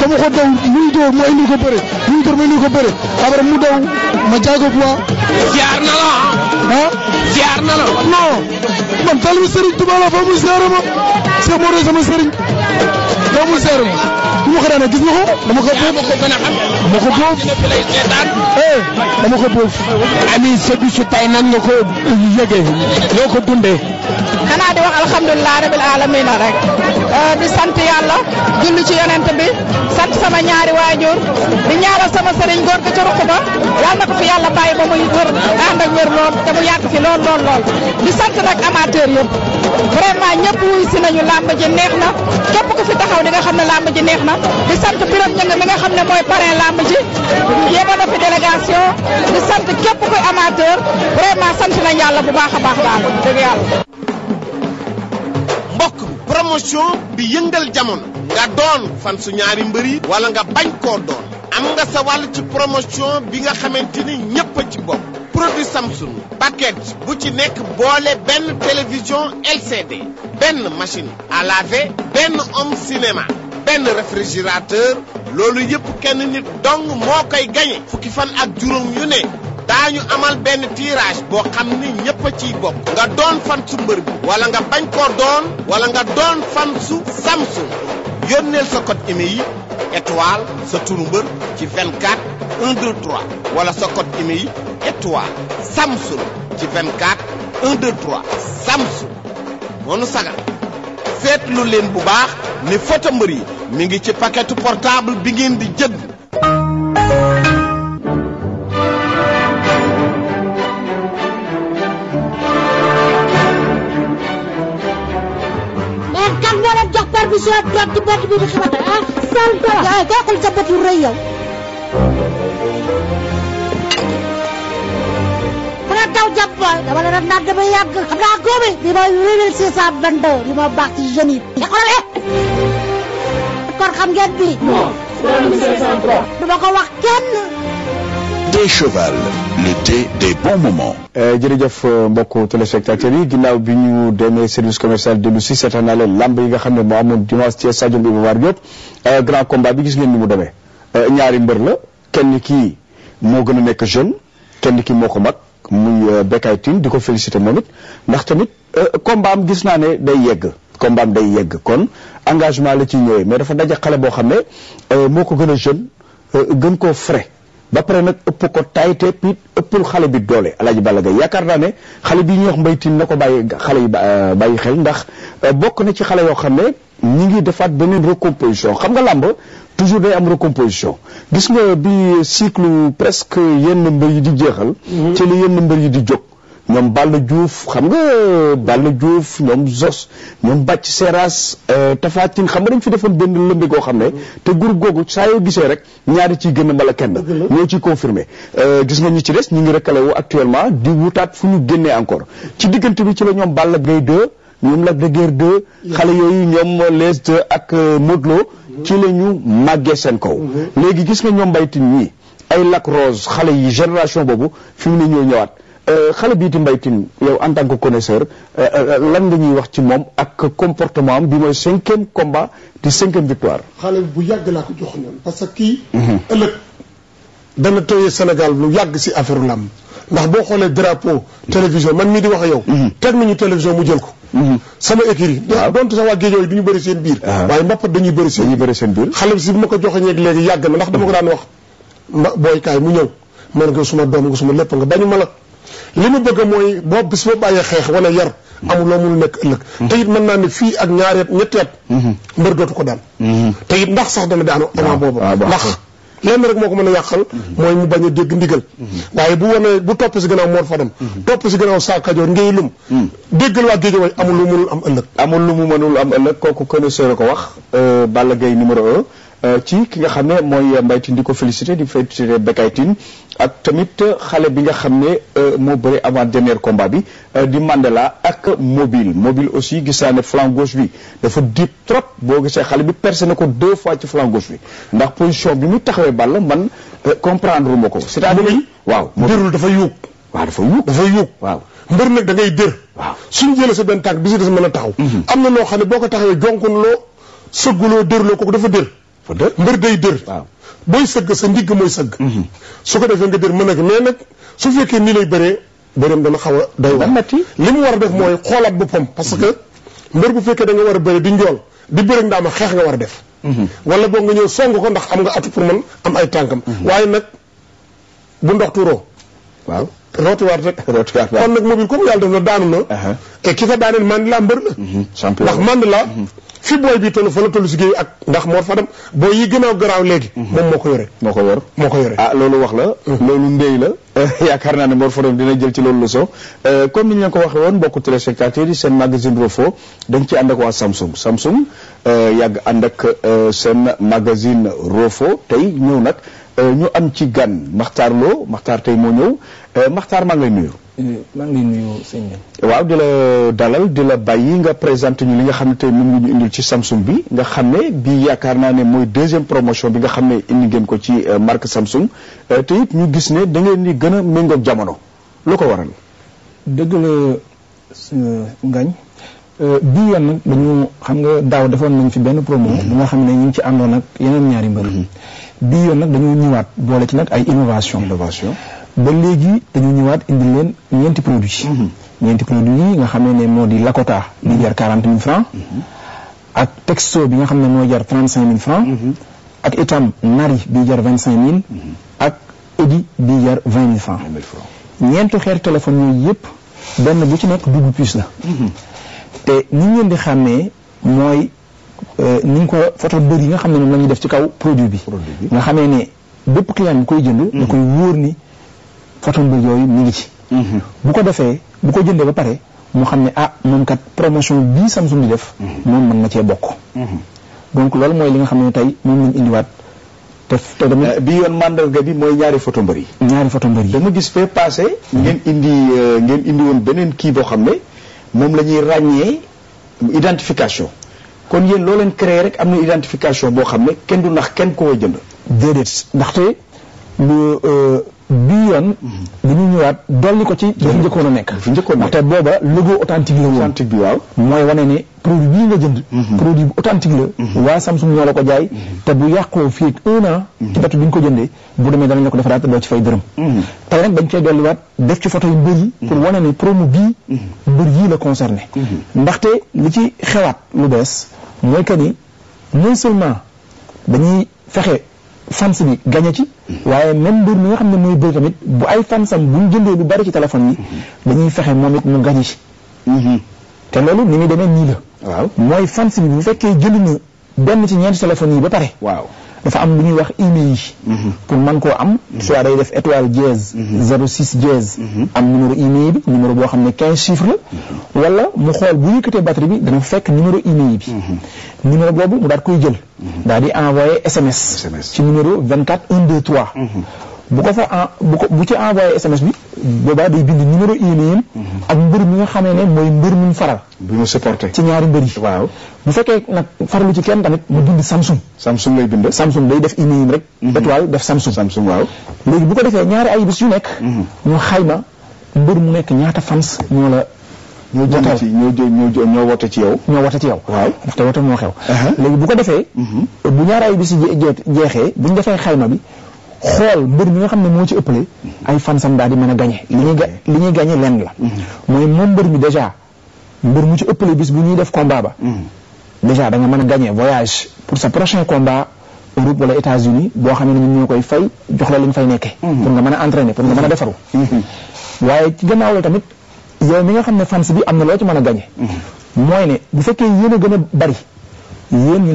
S7: dama ko daw muy dóor ma indi ko bëre muy dóor ma indi ko bëre après mu daw ma jaay ko poids. jaar na la ah.
S6: jaar na la. non man taalibe Serigne Touba la foofu muy seere ma. Cheikh Modou sama Serigne.
S1: foofu muy seere ma. bu ma ko daanee gis nga ko. dama ko boof ko gën a xam. dama ko boof. Eh, dama ko boof. Ami sa bisu tay nan nga ko yëgee. loo ko dundee.
S6: xanaa di wax alhamdulilah rabil alamina rek euh, di sant yàlla julli ci yonent bi sant sama ñaari waajur di ñaanal sama sëriñ góor ko ca ruq ba yàlla na ko fi yàlla bàyyi ba muy wër ànd ak wër lool te mu yàgg fi lool lool lool di sant nag amateur yëpp vraiment ñëpp wuy si nañu làmb ji neex na képp ku fi taxaw di xam ne làmb ji neex na di sant Birame Ñang mi nga xam ne mooy parrain làmb ji yeboo na fi délégation di sant képp kuy amateur vraiment sant nañ
S2: a émotion bi yëngal jamono nga doon fan su ñaari mbër wala nga bañ koo doon am sa wàll ci promotion bi nga xamante ni ñépp a ci bopp produit Samsung paquet bu ci nekk boole benn télévision LCD benn machine à laver benn home cinéma benn réfrigérateur loolu yëpp kenn nit dong moo koy gañe fukki fan ak juróom yu ne daañu amal benn tirage boo xam ni ñëpp a ciy bokk nga doon fan su mbër bi wala nga bañ koo doon wala nga doon fan su Samsung yónneel sa code EMEI étoile sa turu mbër ci 24 1 2 3 wala sa code EMEI étoile Samsung ci 24 1 2 3 Samsung moo nu sagal seetlu leen bu baax ni photo mbër yi mi ngi ci paquetu portable bi ngeen di jënd.
S6: permission toog bi di xamante ah. sal dara ah. waaye kooku sa bët yu rëy yow. xanaa taw jàpp waay dama ne nag
S1: dama yàgg xam naa góobe. li ma wéyal six cent vingt deux li ma baax ci jeunes yi. te eh, xoolal eh. kon xam ngeen bii. non. du ko wax.
S3: Thé Cheval le thé des bons moments. Eh, jërëjëf euh, mbokk téléspectateurs yi ginnaaw bi ñu demee service commercial dellu si seetaan leen lamb yi nga xam ne moo amoon dimanche ci stade Iba Mar Diop eh, grand combat bi gis ngeen ni mu demee eh, ñaari mbër la kenn kii moo gën a nekk jeune kenn kii moo ko mag muy euh, Bécaye Tine di ko félicité moom it ndax tamit euh, combat am gis naa ne day yegg. combat am day yegg kon engagement la ci ñëwee mais dafa daje xale boo xam ne moo ko gën a jeune gën koo frais. ba pare nag ëpp ko taay te it ëppul xale bi doole Alaaji bala Gaye yaakaar naa ne xale bi ñuy wax mbaytin na ko bàyyi xale yi euh, bàyyi xel ndax euh, bokk na ci xale yoo xam ne ñi ngi defaat beneen recomposition xam nga làmb toujours day am recomposition gis nga bi cycle presque yenn mbër yi di jeexal mhm. ci li yenn mbër yi di jóg ñoom Balla Diouf xam nga Balla Diouf ñoom Zos ñoom Bàcc Seras euh, Tafatine xam nga dañ fi defoon benn lëmbe koo xam ne mm. te groupe googu saa yoo gisee rek ñaari ciy gën a mbala kenn ñoo ciy confirmé euh, gis nga ñu ci des ñu ngi rëkkale wu actuellement di wutaat fu ñu génnee encore mm. ci diggante bi ci la ñoom Balla Gaye 2 ñoom Lac de Guiers mm. xale yooyu ñoom les 2 ak euh, Modou Lo ci la ñu màggee seen kaw léegi gis nga ñoom mbaytin ñii ay Lac Rose xale yi génération boobu fi mu ne ñoo ñëwaat Euh, xale bii di Mbaye Tine yow en tant que connaisseur euh, euh, lan nga ñuy wax ci moom ak comportement am bi mooy cinquième combat di cinquième victoire. xale bu yàgg laa ko jox ñoom parce que kii. Mhm. ëllëg dana tooyee Sénégal lu yàgg si affaire làmb ndax boo xoolee drapeau télévision man mii di wax yow. Mhm. teg nañu télévision mu jël ko. Mhm. sama écrit waaw donte sax waa géejoo du ñu bëri seen biir. Ah. waaye mbappat dañuy bëri bëri seen biir xale bi si bu ma ko joxee ñeeg léegi yàgg na ndax dama ko daan wax. ma booy kaay mu ñëw man nga suma doom suma lépp nga bañu ma la li mu bëgg mooy boo bis boo bàyyee xeex wala yar amul loo mun nekk ëllëg mhm. te it mën naa ne fii ak ñaari at ñetti at mhm. mbër dootu ko daan mhm. te it ndax sax dana daanu avant boobu ah, ndax lenn rek moo ko mën a yàqal mooy mu bañ a dégg ndigal waaye bu wane bu topp si gannaaw Mor Fadam topp si gannaaw Saa Kajoor ngay lum déggal waa géej waay amul lu mu mënul am ëllëg amul lu mu mënul am ëllëg kooku connaisseur ko wax euh, Balla Gaye numéro un euh, ci ki nga xam ne mooy Mbaye Tine ko félicité di félicité Bekay Tine ak tamit euh, xale bi nga xam ne euh, moo bari avant dernier combat bi euh, di Mandela ak mobile mobile aussi gisaane flanc gauche bi dafa deep trop boo gisee xale bi percé ko deux fois ci flanc bi ndax position bi mu taxawee Balla man comprendre ma ko c'est-à-dire waaw dërul dafa yuug waaw dafa yuug dafa yuug waaw mbër nag da ngay dër waaw suñu jëlee sa benn tànk bi si des mën a taxaw mhm. am na noo xam ne boo ko taxee jonkun loo sëgguloo dër loo kooku dafa dër dafa dër mbër day dër waaw booy sëgg sa ndigg mooy sëgg. Mhm. su ko defee nga dër mën a mais nag su fekkee nii lay bëree bëreem dana xaw a day war li mu war a def mooy mhm. xoolaat boppam parce que mhm. mbër bu fekkee da war a bëri di njool di bëri ndaa xeex nga war a def. wala boog nga ñëw song ko ndax am nga atu pour man ay tànkam. waaye nag bu ndox tuuroo. waaw rootiwaat rek. rootiwaat waaw kon nag mobile comme yàlla def na daanu na. te ki ko daaneel laa mbër la. champion ndax Mandela. fi booy bi toll fa tollu toll si géej ak ndax Mor Fadam booy yi gën a garaaw léegi. Mhm. moom moo ko yore. moo ko yor moo ko yore. ah loolu wax la. Mhm. loolu ndey la. yaakaar naa ne Mor Fadam dina jël ci loolu la so euh, comme ni ñu leen ko waxee woon mbokku téléspectateurs yi seen magazine Rofo dañ ci ànd ak waa Samsung Samsung euh, yàgg ànd ak euh, seen magasin Rofo tey ñëw nag ñu am ci gan Makhtar Lo Makhtar tey moo ñëw Makhtar maa ngi nuyu.
S4: maa ngi nuyu sëñ
S3: waaw di la dalal di la bàyyi nga présenté ñu li nga xam ne tey moom la ñu indil ci Samsung bi nga xam ne bii yaakaar naa ne mooy deuxième promotion bi nga xam ne indi ngeen ko ci euh, marque Samsung euh, te ñu gis ne da ngeen di gën a méngoog jamono lu ko waral.
S4: dëgg la euh, ngañ bii yoon xam nga daaw defoon nañ fi benn promo. Mhm. bi nga xam ne ñu ngi ci àndoon ak yeneen ñaari mbër. Mhm. bii yoon nag dañu ñëwaat boole ci nag
S3: ay innovation innovation ba léegi dañu ñëwaat indi leen ñeenti produit mhm. ñeenti produit yi nga xamee ne moo di lakota mhm. di jar quarante mille francs mhm. ak texto bi nga xam ne moo jar trente cinq mille francs ak itam nari bi jar vingt cinq mille ak edi bi jar vingt mille francs ñeenti xeer téléphone yooyu yëpp benn bu ci nekk dugg puce la te ni ngeen di xàmmee mooy euh, ni ñu ko photo bëri yi nga xam ne moom la ñuy def ci kaw produit bi nga xam ne ne bépp client bi koy jënd da koy wóor ni photo bi yooyu mi ngi ci. Mm-hmm. bu ko defee bu ko jëndee ba pare moo xam ne ah moom kat promotion bii Samsung di def. Mm-hmm. moom mën na cee bokk. Mm-hmm. donc loolu mooy li nga xam ne tey moom lañ te te dama eh, bi yoon mandarga bi mooy ñaari photo mbër yi. ñaari photo mbër yi dama gis fee passé. ngeen indi euh, ngeen indi woon beneen kii boo xam ne moom la ñuy ràññee identification kon yéen loo leen créé rek am na identification boo xam ne kenn du ndax kenn koo jënd. déedéet ndaxte lu. Euh, bii yoon dañu mm-hmm. ñëwaat dolli ko ci dafa njëkkoon a nekk mm-hmm. ndaxte booba logo authentique la woon bi waaw mooy wane ne mm-hmm. la waa Samsung ñoo la ko jaay te bu yàqoo fii ak un an ci datu bi nga ko jëndee bu demee danañ la ko defaraat doo ci fay dërëm tey nag bañ cee dolliwaat def ci photo yu mbër yi pour wane ne promo bii mbër yii la concerné ndaxte li ci xewaat lu bees mooy que ni non seulement dañuy fexe fans bi gañe ci waaye même mbir mi nga xam ne mooy bëri tamit bu ay fansam bu ñu jëndee lu bari ci téléphone yi dañuy fexe moom it mu gañe ci mhm. te loolu ni muy demee nii la waaw mooy fans bi bu fekkee jënd na benn ci ñeenti téléphone yi ba pare waaw dafa am lu ñuy wax e-mail mhm. pour mën koo am mhm. soit day def étoile dièse mhm. zéro six dièse am numéro e-mail bi boo xam ne quinze chiffres la wala mu xool bu yëkkatee batterie bi dana fekk numéro e-mail bi numéro boobu mu daat koy jël daal di envoyé SMS ci numéro vingt quatre un deux trois bu ko fa bu ko bu ci envoyé SMS bi boobaa day bind numéro INEM. ak mbër mi nga xamee ne mooy mbër mu faral. bu mu supporté ci ñaari mbër yi. waaw bu fekkee nag faralu ci kenn tamit mu bind Samsung. Samsung lay bind. Samsung day def INEM rek. Mhm. étoile def Samsung. Samsung waaw léegi bu ko defee ñaari ay bis yu nekk. Mhm. ñu xayma mbër mu nekk ñaata fans ñoo la. ñoo jënd ci ñoo ñoo ñoo wote ci ñoo wote ci yow. waaw ndaxte wote moo xew. Uh-huh. léegi bu ko defee. Mhm. bu ñaari ay bis yi jeexee bu ñu defee xayma bi. xool mbër mi nga xam ne moo ci ëppale ay fansam daal di mën a gañe li ñuy li ñuy gañe lenn la mooy moom mbër mi déjà mbër mu ci ëppale bis bu ñuy def combat ba mm. déjà da nga mën a gañe voyage pour sa prochain combat Europe wala États-Unis boo xam ne ñun ñoo koy fay jox la li nga fay nekkee mm-hmm. pour nga mën a entraîner pour nga mën a mm-hmm. defaru
S5: mm-hmm.
S3: waaye ci gannaaw la tamit yow mi nga xam ne fans bi am na loo ci mën a gañe mooy ne bu fekkee yéen a gën a bari yéen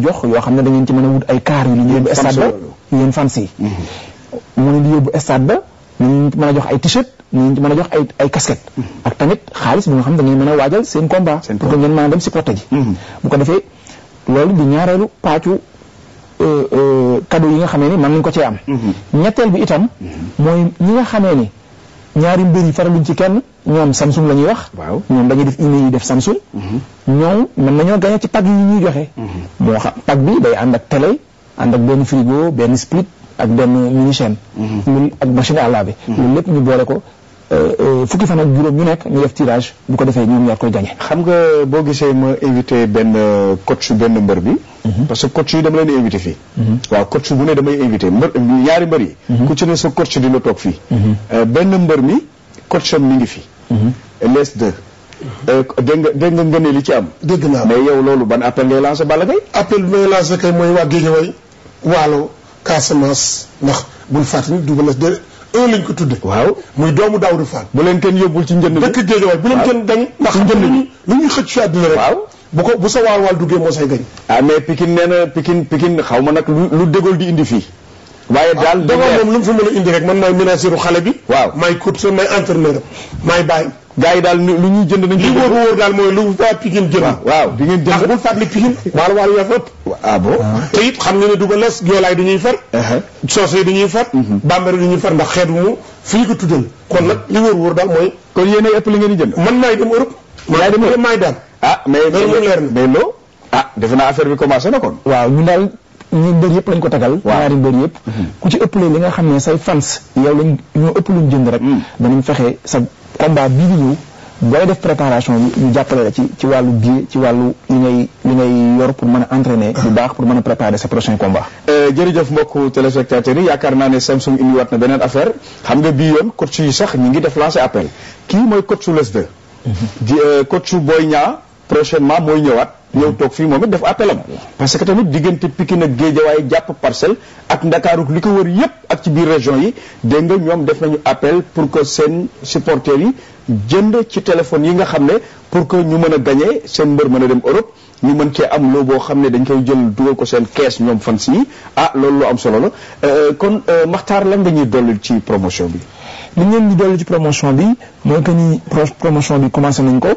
S3: yoo xam ne da ngeen ci mën a yéen fans yi. mu leen di yóbbu stade ba ñu mën a jox ay t-shirt ñu man a jox ay ay casquette. Mm-hmm. ak tamit xaalis bu nga xam da ngeen man a waajal seen combat. seen combat pour que ngeen mm-hmm. bu ko ñaareelu pàccu euh, euh, cadeau yi nga xamee ni mën nañu ko cee am. Mm-hmm. ñetteel bi itam. mooy ñi nga xamee ni ñaari mbir yi faraluñ ci kenn ñoom Samsung la ñuy wax. waaw ñoom dañu def email yi def Samsung. ñoom mën nañoo gagné ci pack yi ñuy joxe. moo xam pack bi day ànd ak télé. ànd ak benn frigo benn split ak benn mini chaîne. loolu mhm. ak machine à laver. loolu mhm. lépp ñu boole ko. Euh, euh, fukki fan ak juróom ñu nekk ñu def tirage bu ko defee ñu ñaar koy gagné. xam nga boo gisee ma invité benn euh, coach benn mbër bi. Mhm. parce que coach yi dama leen invité fii. waaw coach bu ne damay invité mbër ñaari mbër yi. ku ci ne sa di dina toog fii. benn mbër mi coach am mi ngi fi. les deux. dégg nga dégg nga li ci am. dégg naa mais yow loolu ban appel ngay lancé Balla Gaye. appel bi may lancé kay mooy waa Guédiawaye waalo Casamance ndax bul fàtte ni dugal na de un lañ ko tudde waaw muy doomu daaw Daouda Fall bu leen kenn yóbbul ci njënd dëkk Géejawaay bu leen kenn dem ndax njënd ñi lu ñuy xëcc ci àdduna rek waaw bu ko bu sa waal waal duggee moo say gañ ah mais Pikine nee na Pikine xaw ma nag lu dégool di indi fii waaye ah, daal dégol moom lu mu fi mën a indi rek man maay ménagéru xale bi waaw maay coach maay entraîneur am maay bàyyi gaa yi daal lu ñuy jënd nañ. li wóor wóor daal mooy lu waa Pikine jënd. waaw di ngeen jënd ndax bul fàttali Pikine. waal waal yoo fa ëpp. Ah, ah. xam nga ne du ko les joolaay dañuy far. Uh-huh. soose yi dañuy far. Mm-hmm. bambara dañuy far ndax xeet mu fi ñu ko tuddal. kon nag li wóor mooy. kon yéen ay ëpp ngeen di jënd. man maay dem Europe. maay dem Europe maay daal. ah mais mais ah, bi commencé na kon. waaw ñu daal ñu lañ ko tagal ñaari mbër yëpp mm-hmm. ku ci ëppale li nga xam ne say fans yow lañ ñoo ëpp luñ jënd rek mm. danañ sa combat bii di ñëw booy def préparation bi ñu jàppale la ci ci wàllu biir ci wàllu li ngay li ngay yor pour mën a entraîner bu baax pour mën a préparer sa prochain combat euh, jërëjëf mbokk téléspectateurs yi yaakaar naa ne Samsung indi waat na beneen affaire xam nga bii yoon coach yi sax ñu ngi def lancé appel kii mooy coach su les 2 mhm. di euh, coach su Boy ñaa prochainement mooy ñëwaat ñëw toog fii moom it def appelam parce que tamit diggante Pikine ak Géejawaay jàpp parcelle ak Ndakaaruk li ko wër yépp ak ci biir région yi dégg nga ñoom def nañu appel pour que seen supporters yi jënd ci téléphone yi nga xam ne pour que ñu mën a gañee seen mbër mën a dem Europe ñu mën cee am loo boo xam ne dañ koy jël dugal ko seen kees ñoom fan si ah loolu lu am solo la euh, kon euh, Maxtaar lan dañuy ñuy ci promotion bi li bi mooy que ni bi commencé nañ ko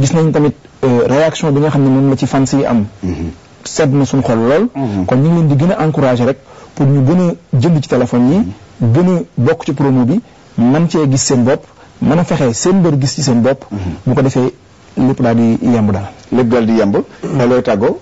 S3: gis nañ tamit euh, réaction bi nga xam ne moom la ci fans yi am mm-hmm. sedd na suñ xol lool mm-hmm. kon ñu ngi di gën a encouragé rek pour ñu gën a jënd ci téléphone yi mm-hmm. gën a bokk ci promo bi man cee gis seen bopp mën a fexe seen mbër gis ci seen bopp bu ko defee lépp daal di yemb daal lépp daal di yemb looy tàggoo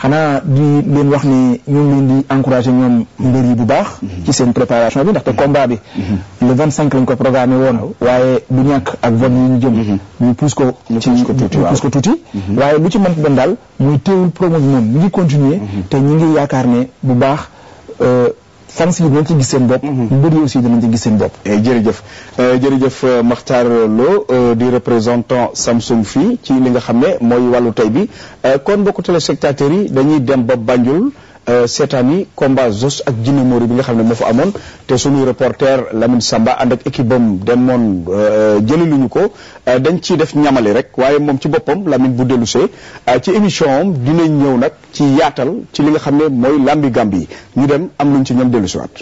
S3: xanaa di leen wax ni ñu ngi leen di encouragé ñoom mbër yi bu baax. Mhm. ci seen préparation bi ndaxte mhm. combat bi. Mhm. le 25 lañ ko programmé woon. waaye du ñàkk ak vote yi ñu jëm. ñu pousse ko ci ñu pousse tuuti.
S5: waaye lu ci man doon daal
S3: muy teewul promo bi moom mi ngi continuer te ñu ngi yaakaar ne bu baax. Euh, fan si dinañ ci gis seen bopp. ñu mhm. bëri aussi dinañ ci gis seen bopp. Eh, jërëjëf eh, jërëjëf euh, Makhtar Lo euh, di représentant Samsung fii ci li nga xam ne mooy wàllu tey bi eh, kon mbokku téléspectateurs yi dañuy dem ba Banjul. Euh, seetaan yi combat Zos ak Djine Mori bi nga xam ne moo fa amoon te suñuy reporter lamin Samba ànd ak équipe bam demoon euh, jëli luñu ko euh, dañ ciy def ñamale rek waaye moom ci boppam Lamine bu dellusee ci émission am dinañ ñëw nag ci yaatal ci li nga xam ne mooy làmbi Gàmbi yi ñu dem am luñ ci ñoom dellusiwaat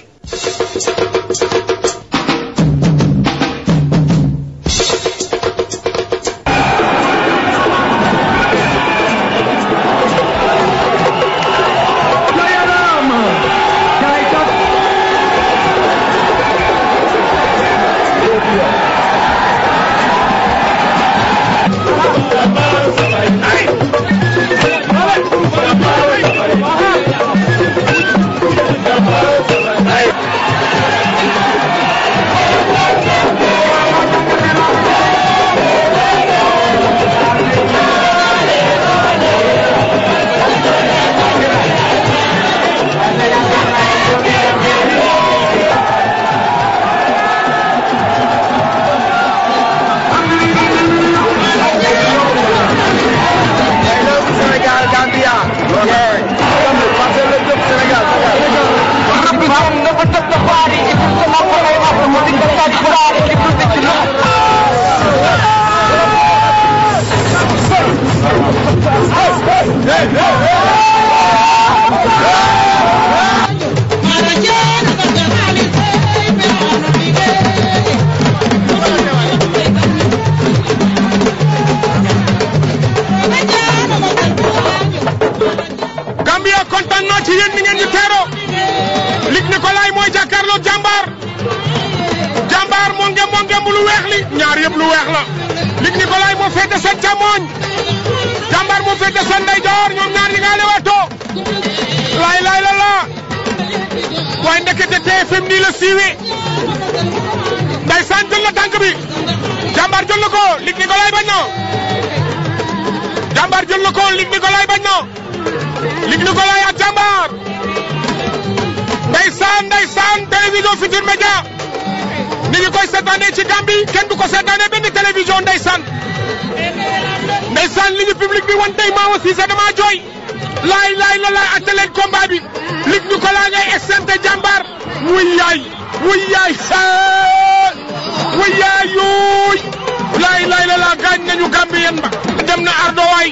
S6: yéen ba dem na ardo waay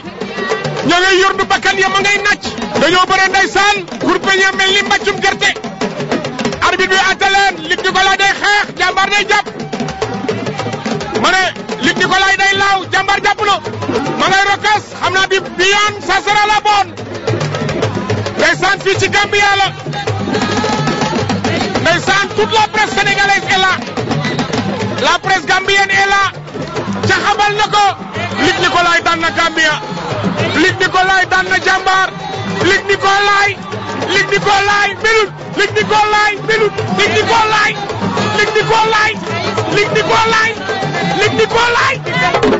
S6: ña ngay yor du bakkan ya ma ngay nàcc dañoo bëre ndeysaan kurpeñ ya mel ni mbàccum gerte arbitre bi ataleen Luc Nicolaï day xeex jàmbaar day jàpp ma ne Luc Nicolaï day laaw jàmbaar jàpp na ma ngay rokas xam naa bi bi yoon ça sera la bonne ndeysaan fii la ndeysaan toute la presse sénégalaise est là la presse caxabal na ko Luc Nicolaï daan na Gambia Luc Nicolaï daan na jàmbaar Luc Nicolaï Luc Nicolaï mbilut Luc Nicolaï mbilut Luc Nicolaï Luc Nicolaï Luc Nicolaï Luc Nicolaï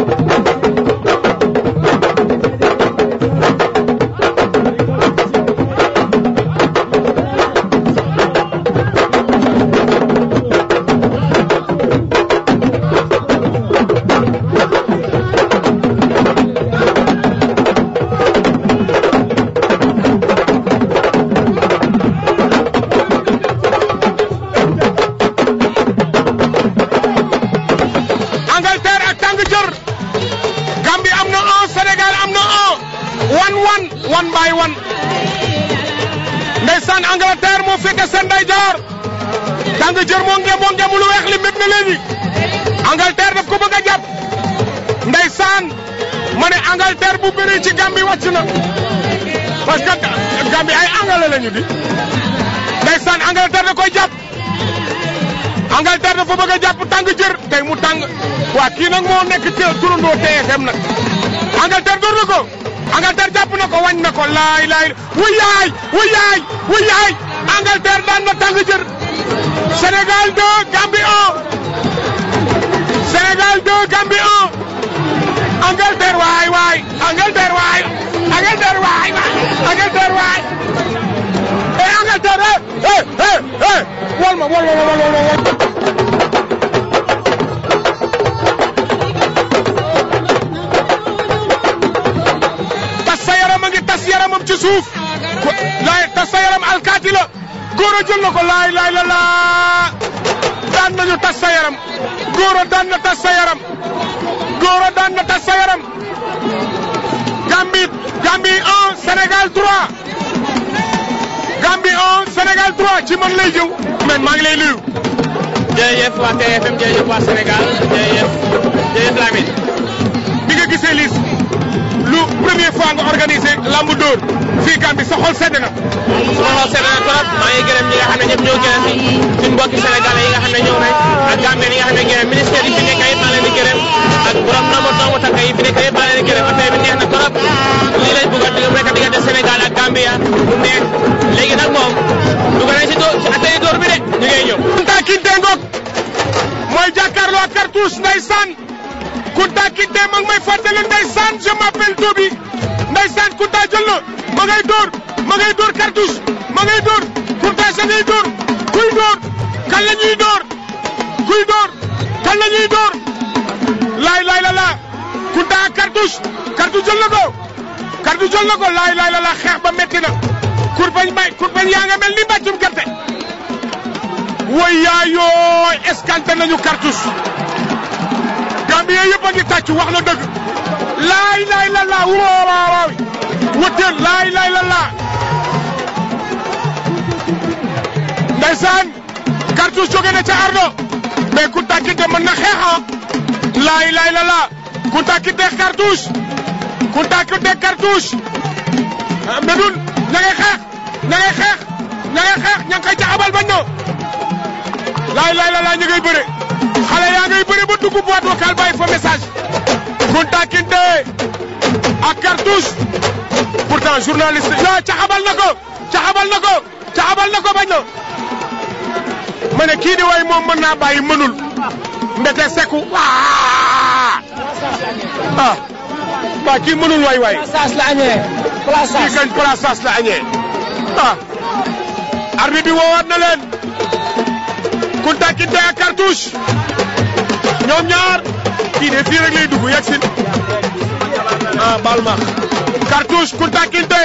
S6: bu bëree ci Gambie wàcc na parce que Gambie ay anglais lañu di ndeysaan Angleterre da koy jàpp Angleterre dafa bëgg a jër tey mu tàng waa kii nag moo nekk ci turandoo TFM nag Angleterre door na ko Angleterre na ko wañ na ko laay laay wu yaay wu yaay wu daan na tàng jër Sénégal 2 Gambie 1 Sénégal 2 Gambie 1 Angleterre waay waay Angleterre waay Angleterre waay Angleterre waay eh Angleterre eh eh eh wol ma wol ma wol ma wol ma tas sa yaram a ngi tas yaramam ci suuf laay tas sa yaram alkaati la góor a jël na ko laay laay la laa daan nañu tas sa yaram góor a daan na tas sa yaram Gora daan nga tas sa yaram Gambie Gambie Sénégal 3 Gambie 1 Sénégal 3 ci man lay jëw man maa ngi lay nuyu. waa TFM jërëjëf waa Sénégal jërëjëf jërëjëf Lamine. bi nga gisee lu première fois nga organisé lamb fii Gambie sa xol sedd na. sama xol sedd na ne ñëpp ñoo gërëm si suñu mbokki sénégalais yi nga ne ñëw ak Gambie yi nga xam ne gërëm ministère yi fi nekk yëpp maa ak borom ndombo ndombo takk yi fi nekk yëpp maa leen di gërëm affaire bi neex na trop a a nag moom dugg nañ si dóor si atay dóor Kunta Kinte ngoog mooy jàkkaarloo ak Cartouche ndeysaan Kunta Kinte mag may fàttali ndeysaan je m'appelle Tobi ndeysaan Kunta jël na ma ngay dóor ma ma ngay dóor courtage sa ngay dóor kuy dóor kan la ñuy dóor kuy dóor kan la ñuy dóor laay laay la la Kunta ak cartouche cartouche na ko cartouche jël na ko laay laay la la xeex ba metti na kurbañ bay yaa nga mel ni mbàccum gerte woy yaayooy escanté nañu cartouche Gambie yëpp a ngi tàcc wax na dëgg laay laay la la waaw waaw wëttéen laay laay la laa ndeysaan Cartouche jóge na ca Ardo mais ku tàkkit de mën na xeexa ah. laay laay la laa ku tàkkit de Cartouche ku tàkkit de Cartouche ah, Medoune ña ngay xeex ña ngay xeex ña ngay xeex ña ngi koy jaxabal bañ na laay laay la laa ñu ngay bëre xale yaa ngay bëre ba dugg boîte vocale bàyyi fa message Kunta Kinte ak Cartouche pourtant journaliste non ah, caxabal na ko caxabal na na ko bañ na ma kii di way moom mën naa bàyyi mënul mbete seku ah, ah. waaw kii mënul way way place la añee place kii la añee ah arbitre bi woowaat na leen contactinte ak cartouche ñoom ñaar kii de fii rek lay dugg yegg si ah baal ma cartouche contactinte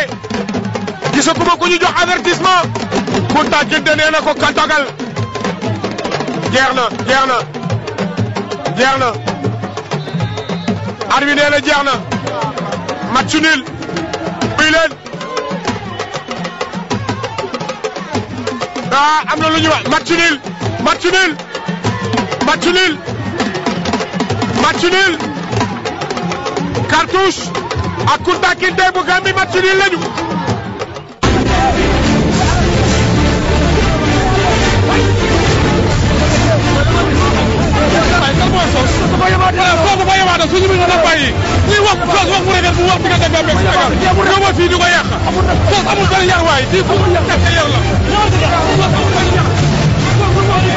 S6: gisaguma ku ñu jox avertissement contactinte nee na ko katagal jeex na jeex na jeex na arbitre bi jeex na match buy leen ah am na lu ñu wax match nul match nul match nul Cartouche ak Kunta Kinte bu Gàmbi match nul lañu fii di ko yàq amul benn yar waay fii ku yàq yar la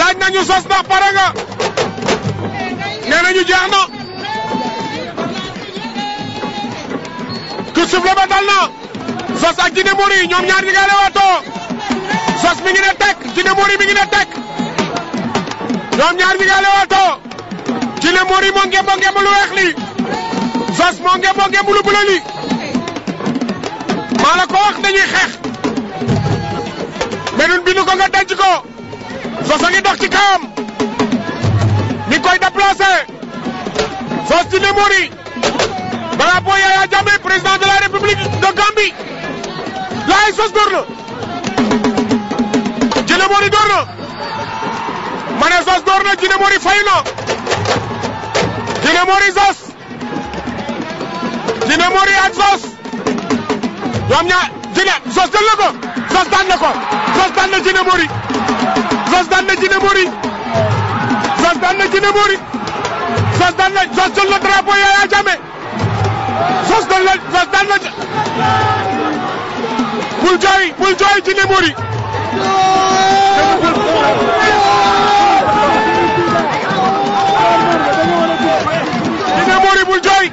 S6: laaj nañu sos ndax pare nga nee nañu jeex na ku suuf la ba dal na sos ak Djine Mory ñoom ñaar ñi ngay lewaatoo sos mi ngi ne tek Djine Mory mi ngi ne tek ñoom ñaar ñi ngay lewaatoo Djine Mory moo ngemb ngemb lu weex li sos moo ngemb ngemb ko wax dañuy xeex menun bi nu ko nga denc ko Zoss a ngi dox ci kawam mi koy déplacé Zoss ci Limouri drapeau Yaya Jammeh président de la République de Gambie laay Zoss door na ci Limouri door ma ne Zoss door na ci Limouri fay na ci Limouri Zoss ci Limouri ak Zoss ñoom ñaar Zoss jël na ko Zoss daan na ko Zoss daan na ci Limouri Zoss daan na Djine Mory Zoss daan na Djine Mory Zoss daan na Zoss jël na drapeau Yaya Jammeh Zoss daan na bul jooy bul jooy Djine Mory Djine Mory bul jooy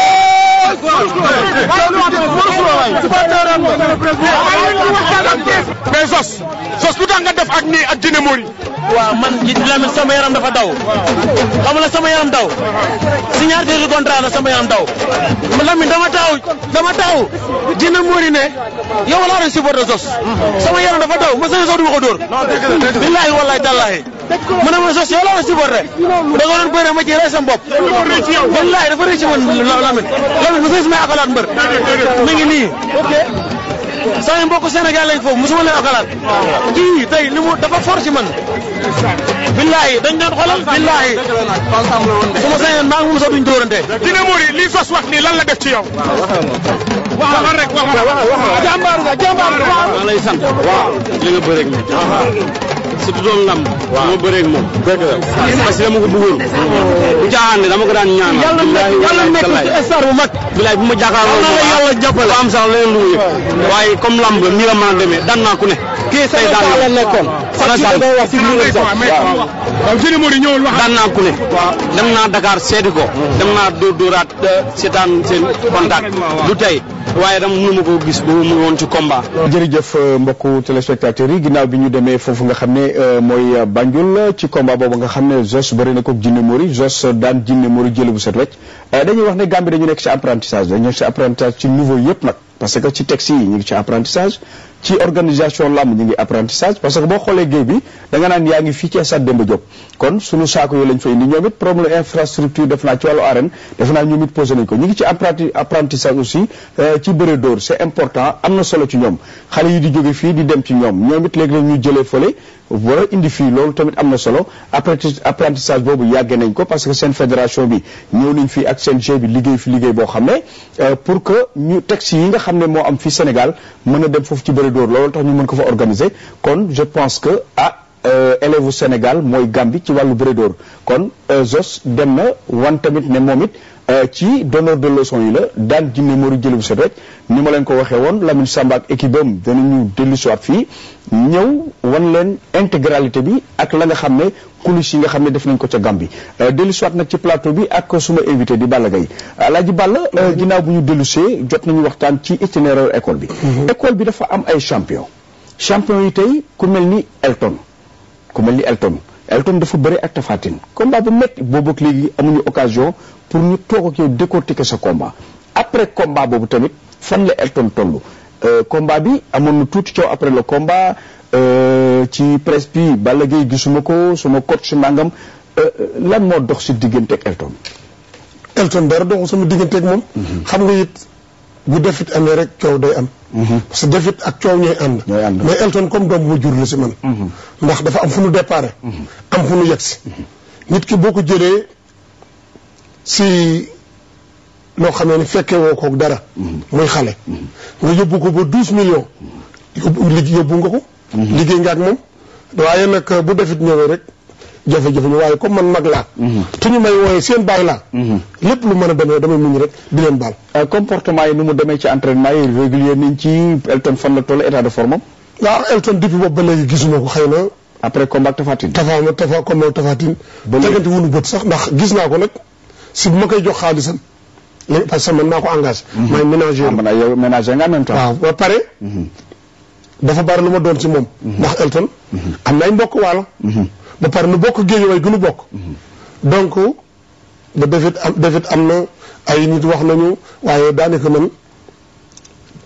S6: mais Zoss Zoss lu tax nga def ak nii ak Dina Mori. waaw man ji Lamine sama yaram dafa daw. xam la sama yaram daw. signature contrat la sama yaram daw. Lamine dama taw dama taw Dina Mori ne yow laa doon a Zoss. sama yaram dafa daw ma sëñ Sow du ma ko dóor. non dëgg la dëgg la ma ne ma sos yow la ma supporté da nga doon bëre ma ci rey sam bopp wallaay dafa rëcc man Lamine Lamine mosoo si may akalaat mbër mi ngi nii sama mbokk Sénégal lañ foofu mosuma leen akalaat kii tey li mu dafa fort ci man billahi dañ doon xolal billahi su ma
S7: sañoon maa ngi moom sax duñ dóorante
S6: mu mori li sos wax nii lan la def ci yow waaw man rek wax ma jàmbaar nga jàmbaar nga maa surtout doom ndam. moo bëreeg moom. dëgg dama ko bëggoon. bu caaxaan dama ko daan ñaan. yàlla nekk yàlla nekk star bu mag. bilaay bu ma jàkkaarloo moom yàlla jàppale am sax leneen lu mu yëg waaye comme lamb nii la a demee daan naa ku ne. kii say daan la nekkoon. daan naa ku dem naa Dakar seeti ko. Hmm. dem naa dóor dóoraat euh, seetaan seen contact hmm. du tey. waaye dama mënuma koo gis ba mu woon ci combat.
S3: jërëjëf euh, mbokku téléspectateurs yi ginnaaw bi ñu demee foofu nga xam ne euh, mooy Banjul ci combat boobu nga xam ne Jos bëri na ko Jinne Mori Jos daan Jinne Mori jëlee bu set wecc euh, dañuy wax ne Gambie dañu nekk ci apprentissage dañu nekk ci apprentissage ci niveau yëpp nag parce que ci taxi yi ñu ngi ci apprentissage. ci organisation làmb ñu ngi apprentissage parce que boo xoolee géew bi da nga naan yaa ngi fii ci stade Demba Diop kon sunu saako yooyu lañ fay indi ñoom it problème infrastructure def naa ci wàllu arène def naa ñoom it posé nañ ko ñu ngi ci apprentissage aussi euh, ci bëre dóor c'est important am na solo ci ñoom xale yi di jóge fii di dem ci ñoom ñoom it léegi la ñu jëlee fole voilà indi fii loolu tamit am na solo apprentissage boobu yàggee nañ ko parce que seen fédération bi ñëw nañ fii ak CNG bi liggéey fi liggéey boo xam ne euh, pour que ñu texte yi nga xam ne moo am fii Sénégal mën a dem foofu ci bëri dóor loolu tax ñu mën ko fa organiser kon je pense que ah euh, élèves Sénégal mooy Gambie ci wàllu bëri kon euh, ZOS dem na wan tamit ne moom it Euh, ci donneur de leçon yi la daan jinne mooru jëli bu set rek ni ma leen ko waxee woon Lamine Samba ak équipe am danañu dellu fii ñëw wan leen intégralité bi ak la nga xam ne coulisses yi nga xam ne def nañ ko ca Gambie bi euh, si waat nag ci plateau bi ak suma invité di Balla Gaye Alaaji Balla euh, ginnaaw bu ñu dellusee see jot nañu waxtaan ci itinéraire école bi mhm. école bi dafa am ay champion champion yi tey ku mel ni Elton ku mel ni Elton Elton dafa bëri ak Tapha Tine combat bu métti boobu ak léegi amuñu occasion pour ñu toog ak yow décortiquer sa combat après combat boobu tamit fan la Elton toll euh, combat bi amoon na tuuti coow après le combat euh, ci presse bi Balla ko suma ko sama màngam nangam euh, lan moo dox si diggante ak Elton. Elton dara doxul sama diggante ak moom. Mhm. xam nga it bu defit amee rek coow day am. Mhm. parce que defit ak coow ñooy ànd. mais Elton comme doom bu ma jur la si man. Mhm. ndax dafa am fu nu départ. Mhm. am fu nu yegg si. nit ki boo ko jëlee si loo xamee ni fekkee woo koog dara. muy xale. nga yóbbu ko ba douze millions. yóbbu yóbbu nga ko. liggéey nga ak moom waaye nag bu defit ñëwee rek. jafe-jafe ñu waaye comme man mag laa mhm. te ñu may wooyee seen bàyyi laa mhm. lépp lu mën a demee damay muñ rek di leen baal euh, comportement yi nu mu demee ci entraînement yi régulier niñ ci Elton fan la toll état de forme am waaw Elton depuis na après combat Tafatine tafa tafa combat Tafatine tegante wunu sax ndax gis naa ko nag si ma koy jox xaalisam léegi parce que man maa ko engagé mhm. maay ménager ah, ah, yow ménager nga en même temps waaw ba bari lu ma doon ci moom ndax Elton am na ay mbokk waalo ba pare nu bokk géej way gu nu bokk. Mhm. donc ba defit am defit am na ay nit wax nañu waaye daanaka man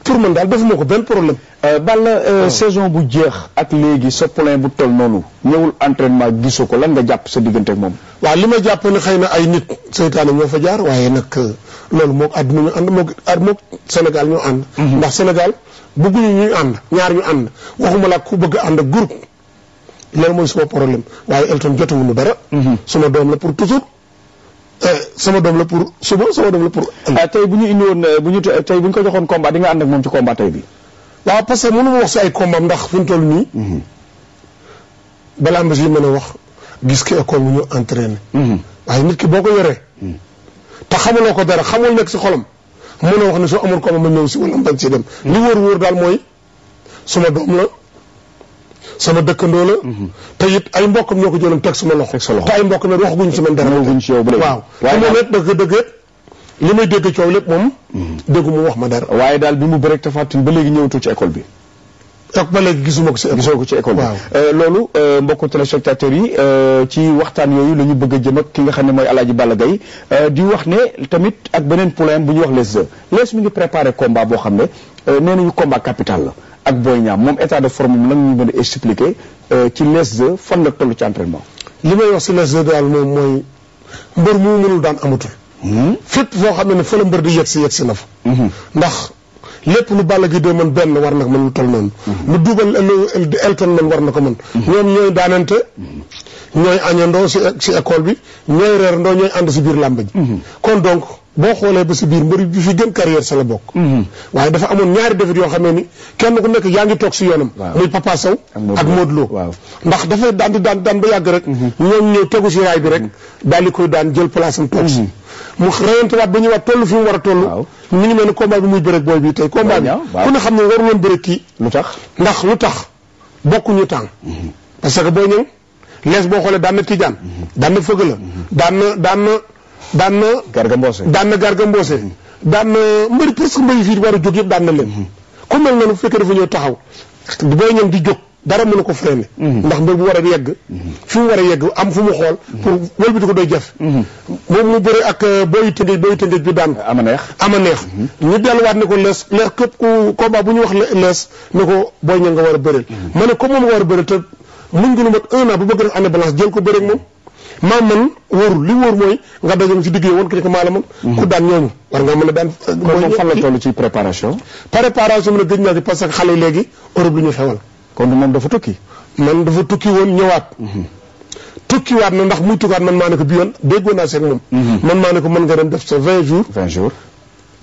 S3: pour man daal defuma ko benn problème. Euh, Balla euh, ah. saison bu jeex ak léegi sa poulain bu toll noonu ñëwul entraînement gisu ko lan nga jàpp sa diggante moom. waaw li ma jàpp ne xëy na ay nit seytaane ñoo fa jaar waaye nag euh, loolu moog àdduna ñu ànd moog at moog Sénégal ñoo ànd. Mhm. ndax Sénégal bëgguñu ñuy ànd ñaar ñu ànd waxuma la ku bëgg ànd groupe. loolu mooy suma problème waaye Elton jotuwuñu dara. Mhm. suma doom la pour toujours. Eh, sama doom la pour suba sama doom la pour. Ah, tey bu ñu indi eh, bu ñu eh, tey bu ñu ko joxoon combat di nga ànd ak moom ci combat tey bi. waaw parce que mënu si ay combat mhm. wax gis ki école bu ñu entraîné. Mhm. waaye nit ki boo ko yoree. te xamuloo ko dara xamul nekk si xolam. mën a wax ne soo amul combat ma ñëw si si dem. li wóor mooy suma doom la. sama dëkkandoo la. Mhm. te it ay mbokkam ñoo ko jëloon teg sama loxo. teg sa loxo te ay mbokk nag waxaguñ ci man dara. waxaguñ ci yow bu waaw te moom it dëgg dëgg li may dégg coow lépp moom. Mhm. déggu mu wax ma dara. waaye daal bi mu bëreeg Tapha Tine ba léegi ñëwatu ci école bi. toog ba léegi gisuma ko ci école gisuma ko ci école bi euh, loolu euh, mbokku téléspectateurs yi euh, ci waxtaan yooyu la ñu bëgg a jëm ak ki nga xam ne mooy Alaaji Balla Gaye di wax ne tamit ak beneen problème bu ñuy wax les Lees mi ngi préparé combat boo xam ne nee nañu combat capital la ak Boy Niang moom état de forme bi lan ñu mën expliquer euh, ci les deux fan la toll ci li may wax si les deux daal moom mooy mbër mu mënul daan amatul. Hmm? fépp foo xam ne fa la mbër di yegg si yegg si na fa. Hmm. ndax lépp lu Balla gi dee mën benn war nag man mën lu toll noonu. Hmm. lu duubal lu Elton mën war na ko mën. ñoom ñooy daanante. ñooy añandoo si si bi ñooy reerandoo ñooy ànd si biir làmb ji. boo xoolee ba si biir mbër bi fi gën carrière sa la bokk. Mhm. waaye dafa amoon ñaari defet yoo xamee ni kenn ku nekk yaa ngi toog si yoonam. muy Papa Sow ak Modou ndax dafay daan di daan daan ba yàgg rek. Mhm. ñoom ñëw tegu si raay bi rek. Mhm. daal di koy daan jël place am toog si. mu reyantewaat ba ñëwaat toll fi mu war a toll. mi ngi mel ni combat bi muy bëreeg booy bi tey. combat bi ku ne xam ne waru woon bëreeg ndax lu tax bokkuñu temps. parce que boo ñëw lees boo xoolee daan na Tijaan. daan na Fëgala. daan daan na. Garga Mbossé daan na Garga daan na mbëri presque mbëri fii war a jóg yëpp daan na leen. ku mel noonu bu fekkee dafa ñëw taxaw booy ñëw di jóg dara mënu ko freiné. Mhm. ndax mbër bu war a yegg. Mhm. fi mu war a yegg am fu mu xool. Mhm. pour wëlbati ko doy jafe. moom mu bëre ak euh, booy tëndéej booy tëndéej bi daan. am neex ama neex. ñu delluwaat ne ko lees lees képp ku combat bu ñu wax lees ne ko booy ñëw nga war a bëreel. ma ne comme moom nga war a bëreel te muñ ko lu mat un an bu bëgg def année balance jël ko bëreeg moom. maam man wóorul li wóor mooy nga dajoon ci digg woon ku nekk maa la man mm-hmm. ku daan ñooñu war nga mën a daan kon moom fan ci préparation préparation bi nag naa ci que xale léegi Europe lu ñu kon dafa tukki man dafa tukki woon ñëwaat mm-hmm. tukkiwaat na ndax muy tukkaat man maa ne ko bi yoon déggoon naa seeg moom mm-hmm. man maa ne ko mën nga dem def sa vingt jours vingt jours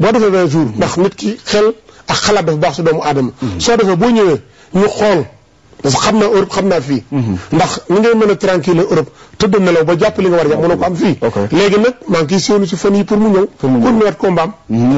S3: boo defee vingt jours ndax nit ki xel ak xalaat dafa baax su doomu aadama soo defee boo ñëwee ñu xool parce que xam naa Europe xam naa fii mhm. ndax ni ngay mën a tranquille Europe tëdd nelaw ba jàpp li nga war a jàpp mënoo ko am fii léegi nag maa ngi sionu si fan yi pour mu ñëw pour mu wet mhm,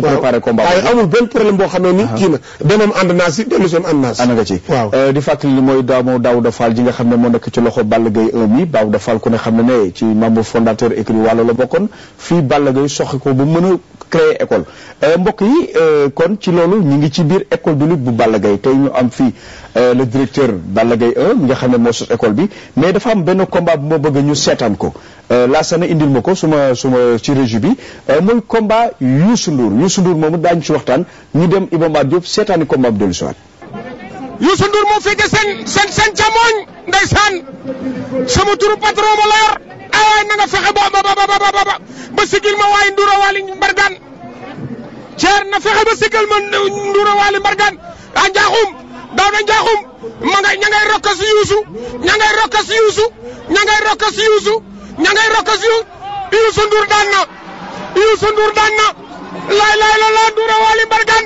S3: ni kii na danaam ànd naa si dellu seen ànd naa si ànd nga ci waaw euh, di fàttali li mooy daamu Daouda Fall ji nga xam ne moo nekk ci loxo Balla Gaye 1 mi Daouda Fall ku ne xam ne ne ci membre fondateur écrit wàllu la bokkoon fii Balla Gaye soxi ko ba mën a créer école euh, mbokk yi euh, kon ci loolu ñu ngi ci biir école de lutte bu Balla Gaye tey am fii le directeur Balla Gaye 1 nga xam ne moo sos école bi mais dafa am benn combat bu ma bëgg ñu seetaan ko euh, laasana indil ma ko suma suma ci régie bi euh, muy combat Youssou Ndour Youssou Ndour ci waxtaan ñu dem Iba Mar Diop seetaani combat bu dellu si waat moo
S6: féete seen seen seen càmmoñ ndeysaan sama turu patron ma la yor ay waay fexe ba ba ba ba ba sigil ma waaye Ndour mbargaan ceer na fexe ba sigil ma Ndour mbargaan a ah, njaaxum daaw njaaxum ma ngay ña ngay rokkas yuusu ña ngay rokkas yuusu ña ngay rokkas yuusu ña ngay rokkas yuusu yuusu ndur daan na yuusu ndur daan na laay laay la laa nduura waali mbargan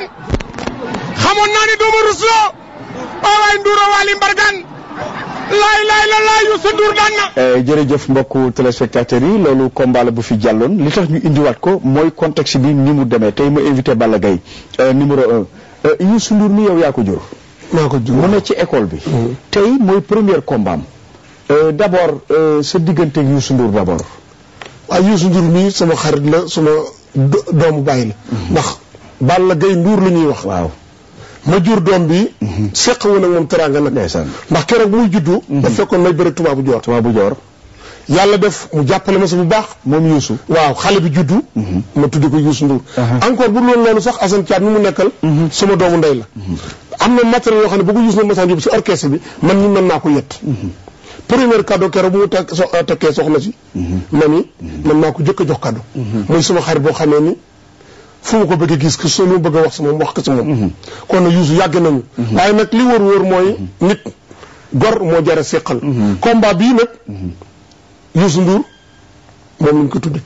S6: xamoon naa ni doomu rusloo oh, waawaay nduura waali mbargan laay laay la laay yuusu ndur daan na
S3: eh, jërëjëf mbokku téléspectateurs yi loolu combat la bu fi jàlloon li tax ñu indiwaat ko mooy contexte bi ni mu demee tey ma invité Balla Gaye eh, numéro un eh, Youssou Ndour mi yow yaa ko jur maa ko jur mu ci école bi. Mm. tey mooy première combat am. Euh, d' abord euh, sa diggante ak Youssou Ndour d' abord. waaw Youssou Ndour sama xarit la suma doomu bàyyi la. Mm-hmm. ndax la gay Ndour la ñuy wax. waaw ma jur doom bi. Mm-hmm. seq woon ak moom teraanga nag. ndeysaan ndax keroog bu muy juddu. Mm-hmm. da fekkoon may bëri tubaabu joor. joor. yàlla def mu jàppale ma sa bu baax. moom Youssou. waaw xale bi juddu. ma tuddi ko Youssou Ndour. Uh-huh. encore bu loolu noonu sax Assane Thiam mu nekkal. sama doomu ndey la. am na matériel yoo xam ne bu ko Youssou Ndour masaan yóbbu si orchestre bi man ñi mën naa ko yett mhm. première cadeau keroog bu mu takk so euh, takkee soxna si mhm. man yi mhm. man maa ko jëkk a jox cadeau muy suma xarit boo xamee ni fu mu ko bëgg a gis que su mu bëgg a wax si moom kon na Youssou yàgg nañu waaye nag li wër wër mooy nit gor moo jara seqal combat bii nag Youssou Ndour moom lañ ko tudde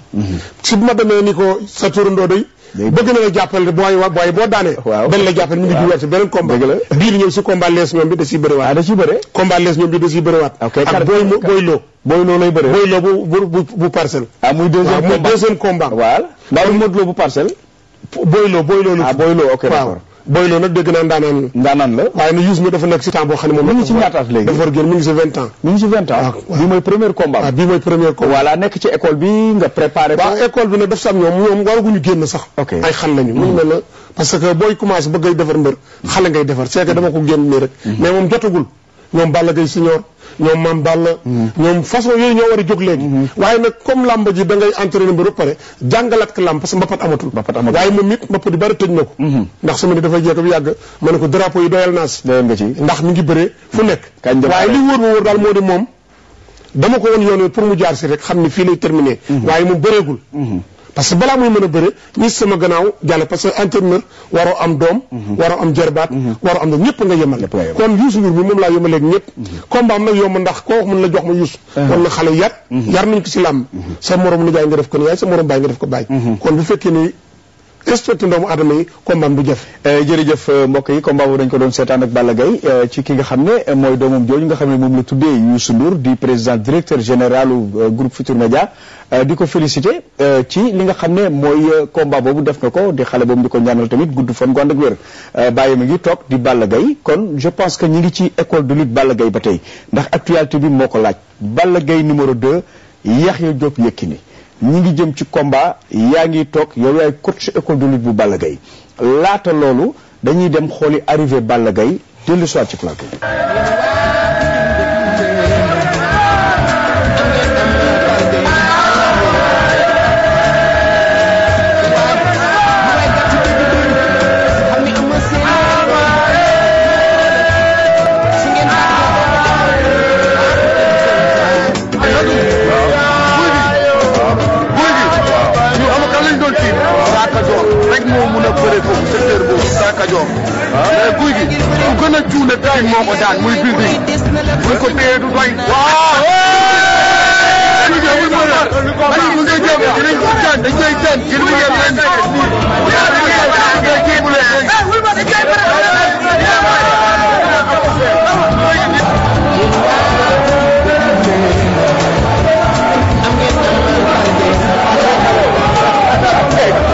S3: si bu ma demee ni ko sa turandoo day bëgg na la jàppal booy booy boo daanee benn la jàppal ñu ngi juwaat si beneen combat bii li ñëw si combat lees ñoom bi da siy bëriwaat ah, da bëre combat lees ñoom bi da siy bëriwaat ak booy booy loo booy loo lay bëre booy loo bu bu bu parcelle ah muy deuxième combat waaw ndax Modou Lo bu parcelle booy loo booy loo la ah loo ok d'accord Boy Lo nag dégg naa ndaanaan. ndaanaan la waaye nag Youssou Ndour dafa nekk si temps boo xam ne moom. mi ngi si ñaata at léegi dafa war génn mi ngi si vingt ans. mi ngi si vingt ans ah, bii mooy premier combat. waaw ah, bii mooy premier combat. voilà nekk ci école bi nga préparé. waaw école bi nag daf si am ñoom ñoom waraguñu génn sax. ay xal lañu. mu mel na parce que booy commencé bëgg ngay defar mbër xale ngay defar c'est que dama ko génn nii rek. Mhm. mais moom jotagul ñoom Balla Gaye senior ñoom Mame Balla mm-hmm. ñoom façon yooyu ñoo war a jóg léegi mm-hmm. waaye nag comme làmb ji da ngay entraîné ba pare jàngalaat ko làmb parce que mbapat amatul waaye moom it mbapat yu bari tëj na ko mm-hmm. ndax sama ni dafay jeex bu yàgg ma ne ko drapeau yi doyal naa si ndax mu ngi bëree fu nekk waaye li wóor ma wóor daal moo di moom dama ko woon yoon pour mu jaar si rek xam ni fii lay terminé waaye moom bëreegul parce que balaa muy mën a bëre ñi sama gannaaw jàll parce que entraîneur waroo am doom mhm. waroo am jërbaat mhm. waroo am na ñëpp nga yemal kon Youssou Ndour mi moom laa yemaleeg ñëpp mhm. combat am nag yomb ndax koo wax mën la jox ma Youssou kon ah. na xale yar yar nañ ko si làmb sa morom lu jaay nga def ko ne yaay sa morom bàyyi nga def ko bàyyi kon bu fekkee ni respecté doomu aadama yi combat bu jafe eh, jërëjëf euh, mbokk yi combat bu dañ ko doon seetaan ak Balla Gaye euh, ci ki nga xam ne mooy doomam jooju nga xam ne moom la tuddee Youssou Ndour di président directeur général euh, groupe Futur Média di ko félicité ci li nga xam ne mooy combat boobu def na ko di xale boobu di ko ñaanal tamit gudd fan gu ànd ak wér bàyyi ma ngi toog di Balla Gaye kon je pense que ñi ngi ci école de lutte Balla gay ba tey ndax actualité bi moo ko laaj Balla Gaye numéro 2 Yaxya Diop Yékini ñi ngi jëm ci komba yaa ngi toog yow yaay coach école de lutte bu Balla gay laata loolu dañuy dem xooli arrivé Balla Gaye dellu soit ci plateau
S6: Kajoor mais guy gi ku gën a cuune tey moo ko daan muy biir bi buñ ko téye du doy. waaw.
S5: guy gi amul mën
S6: a man mu ngi jëm dinañ ko jën dañ koy jën gën mu yem leen
S5: Hey!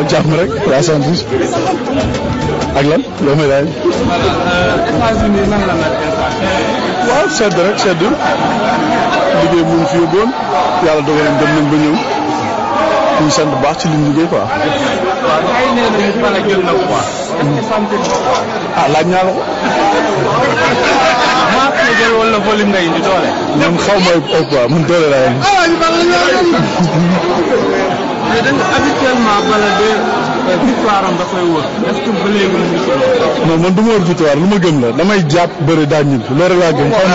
S7: waaw jàmm rek waaw ak lan loo may daal. états la mel waaw sedd rek sedd liggéey bu ñu fi yóbboon yàlla dogal nañ dem nañ ba ñëw ñu sant bu baax ci li liggéey
S4: quoi. ah laaj naa la ko. wala volume ma ay
S7: poids man doole laa mais dañu man du ma wër victoire lu ma gëm la damay jàpp bëri daa ñibbi loolu laa gëm xam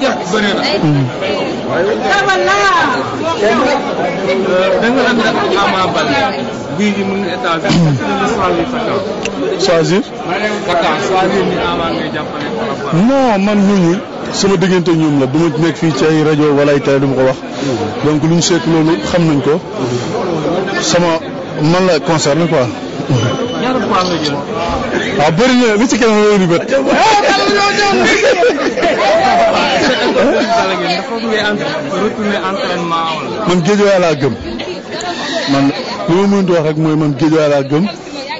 S4: nga.
S5: waaw waaw danga
S7: man mu ngi sama diggante ñoom la du ma nekk fii ci ay rajo wala ay télé du ma ko wax. donc lu seet loolu xam nañ ko. sama man la concerné quoi. ñaata fois na lu ci kenn mën nañu bët. man géejuwaay laa gëm. man li ma mënut wax rek mooy man géejuwaay laa gëm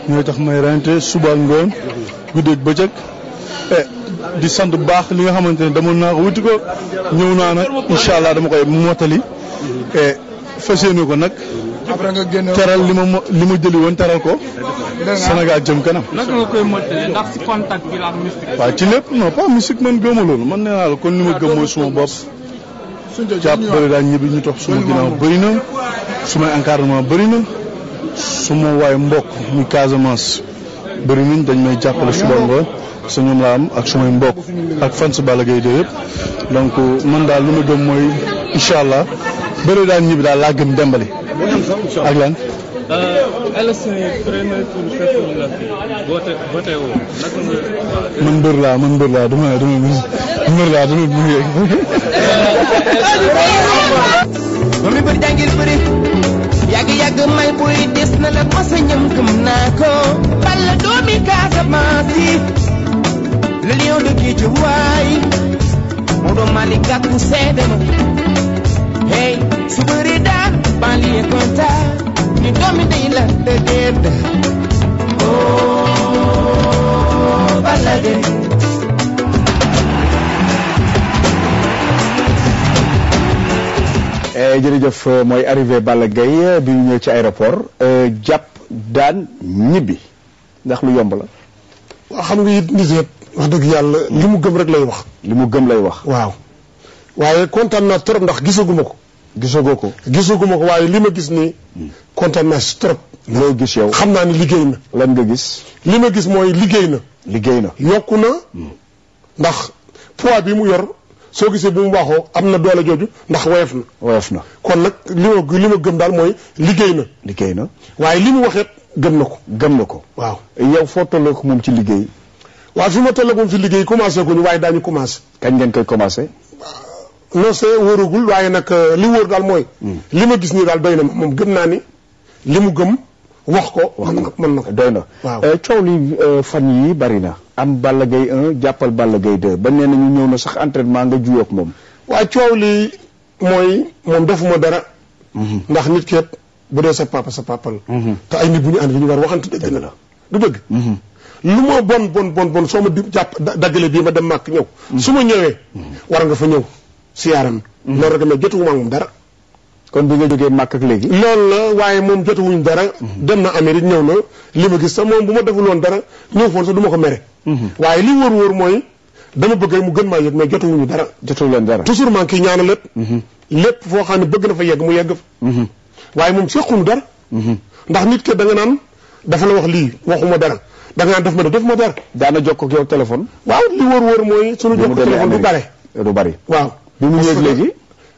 S7: ñoo tax may rente suba ngoon guddeeg bëccëg eh, di sant baax li nga xamante ne dama naa ko wuti ko ñëw naa nag incha allah dama koy mottali eh, fas ko nag. après nga génn teral li ma li ma jëli woon teral ko. Sénégal jëm kanam.
S4: naka nga ci
S7: lépp non pas mystique man gëmma man nee la kon li ma gëm mooy suma bopp. jàpp bëri daal ñibbi ñu tox suma ginnaaw bëri na sumay encadrement bëri na suma waay mbokk muy Casamance bëri nañ dañ may jàppale suba nga sa ñoom laa am ak sumay mbokk ak fan si Balla yëpp donc man daal li ma gëm mooy incha allah bëri daal ñibbi daal laa gëm dembali ak lan. élection yi premier tour fekkul la fi voté
S5: voté woo naka nga.
S7: man mbër laa man mbër laa dama dama mbër laa dama
S5: moom mi bëri dangeen bëri
S2: yàgg yàgg may buy des na la mos a ñam gëm naa ko. balla doomi Casamance yi le lion de Guédiawaye Maodo Malick Gakou seede ma. hey daan banlieue
S5: kontaan ñu doomi day la de déet da oh balla
S3: eh, jërëjëf mooy arrivé Balla gay eh, bi ñu ci aéroport eh, jàpp daan ñibbi ndax lu yomb la. waaw xam nga it nit yëpp wax dëgg yàlla li mu gëm rek lay wax. li mu gëm lay wax. waaw waaye kontaan naa trop ndax gisaguma ko. gisagoo ko gisaguma ko waaye li ma gis ni hmm. kontaan naa si trop. loo gis yow xam naa ni liggéey na. lan nga gis. li ma gis mooy liggéey na. liggéey na yokku na. Hmm. ndax poids bi mu yor soo gisee bu mu baaxoo am na doole jooju ndax woyof na. woyof na kon nag li ma ma gëm daal mooy liggéey na. liggéey na waaye li mu waxeet gëm na ko. gëm na ko waaw. yow foo tolloo ko moom ci liggéey. waaw fi ma tolloo ko moom ci liggéey commencé ko ñu waaye daañu commencé. kañ ngeen koy commencé. non c'est wóoragul waaye nag euh, li wóor daal mooy. Hmm. li ma gis nii daal doy na ma moom gën naa ni li mu gëm wax ko. wax ko mën na ko doy na. waaw euh, coow li euh, fan bari na. am Balla Gaye jàppal Balla Gaye 2 ba nee sax entraînement nga juyoo ak moom. waaye coow li mooy moom defuma dara. Hmm. ndax nit ki bu dee sa papa sa papa la. Hmm. te ay nit bu ñu ànd ñu war waxante bon bon bon bon soo ma di jàpp daggale bii ma dem màkk ñëw. su ma ñëwee. war nga fa ñëw. siyaaran mm-hmm. loolu rek mais jotuwuma moom dara kon bi nga jógee léegi loolu la waaye moom jotuwuñ dara mm-hmm. dem na Amérique ñëw na li ma gis sax moom bu ma deful woon dara ñëw foon sax du ma ko mm-hmm. li wóor wóor mooy dama bëgg mu gën maa yëg mais jotuwuñu dara jotuwuñ leen dara toujours man kii ñaana lépp lépp foo xam ne bëgg na fa yegg mu yegg fa waaye moom sequnu dara ndax nit ke da naan dafa la wax lii waxuma dara da nga naan def ma def ma dara daana jokkoo ak yow téléphone waaw li wóor wóor mooy sunu jokkoo téléphone du bare du bari waaw bi mu ñëwee léegi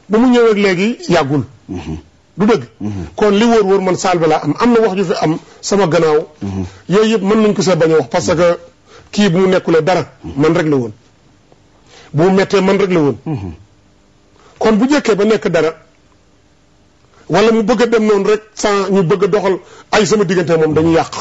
S3: bi mu ñëwee léegi yàggul. Mhm. du dëgg. Mhm. kon li wóor wóor man saal bi laa am am na wax ju fi am sama gannaaw. Mhm. yooyu yëpp mën nañ ko sa bañ a wax parce que kii bu mu nekkulee dara. man rek la woon. bu mettee man rek la woon. kon bu njëkkee ba nekk dara. wala mu bëgg dem noonu rek sans ñu bëgg doxal ay sama diggante moom dañu yàq.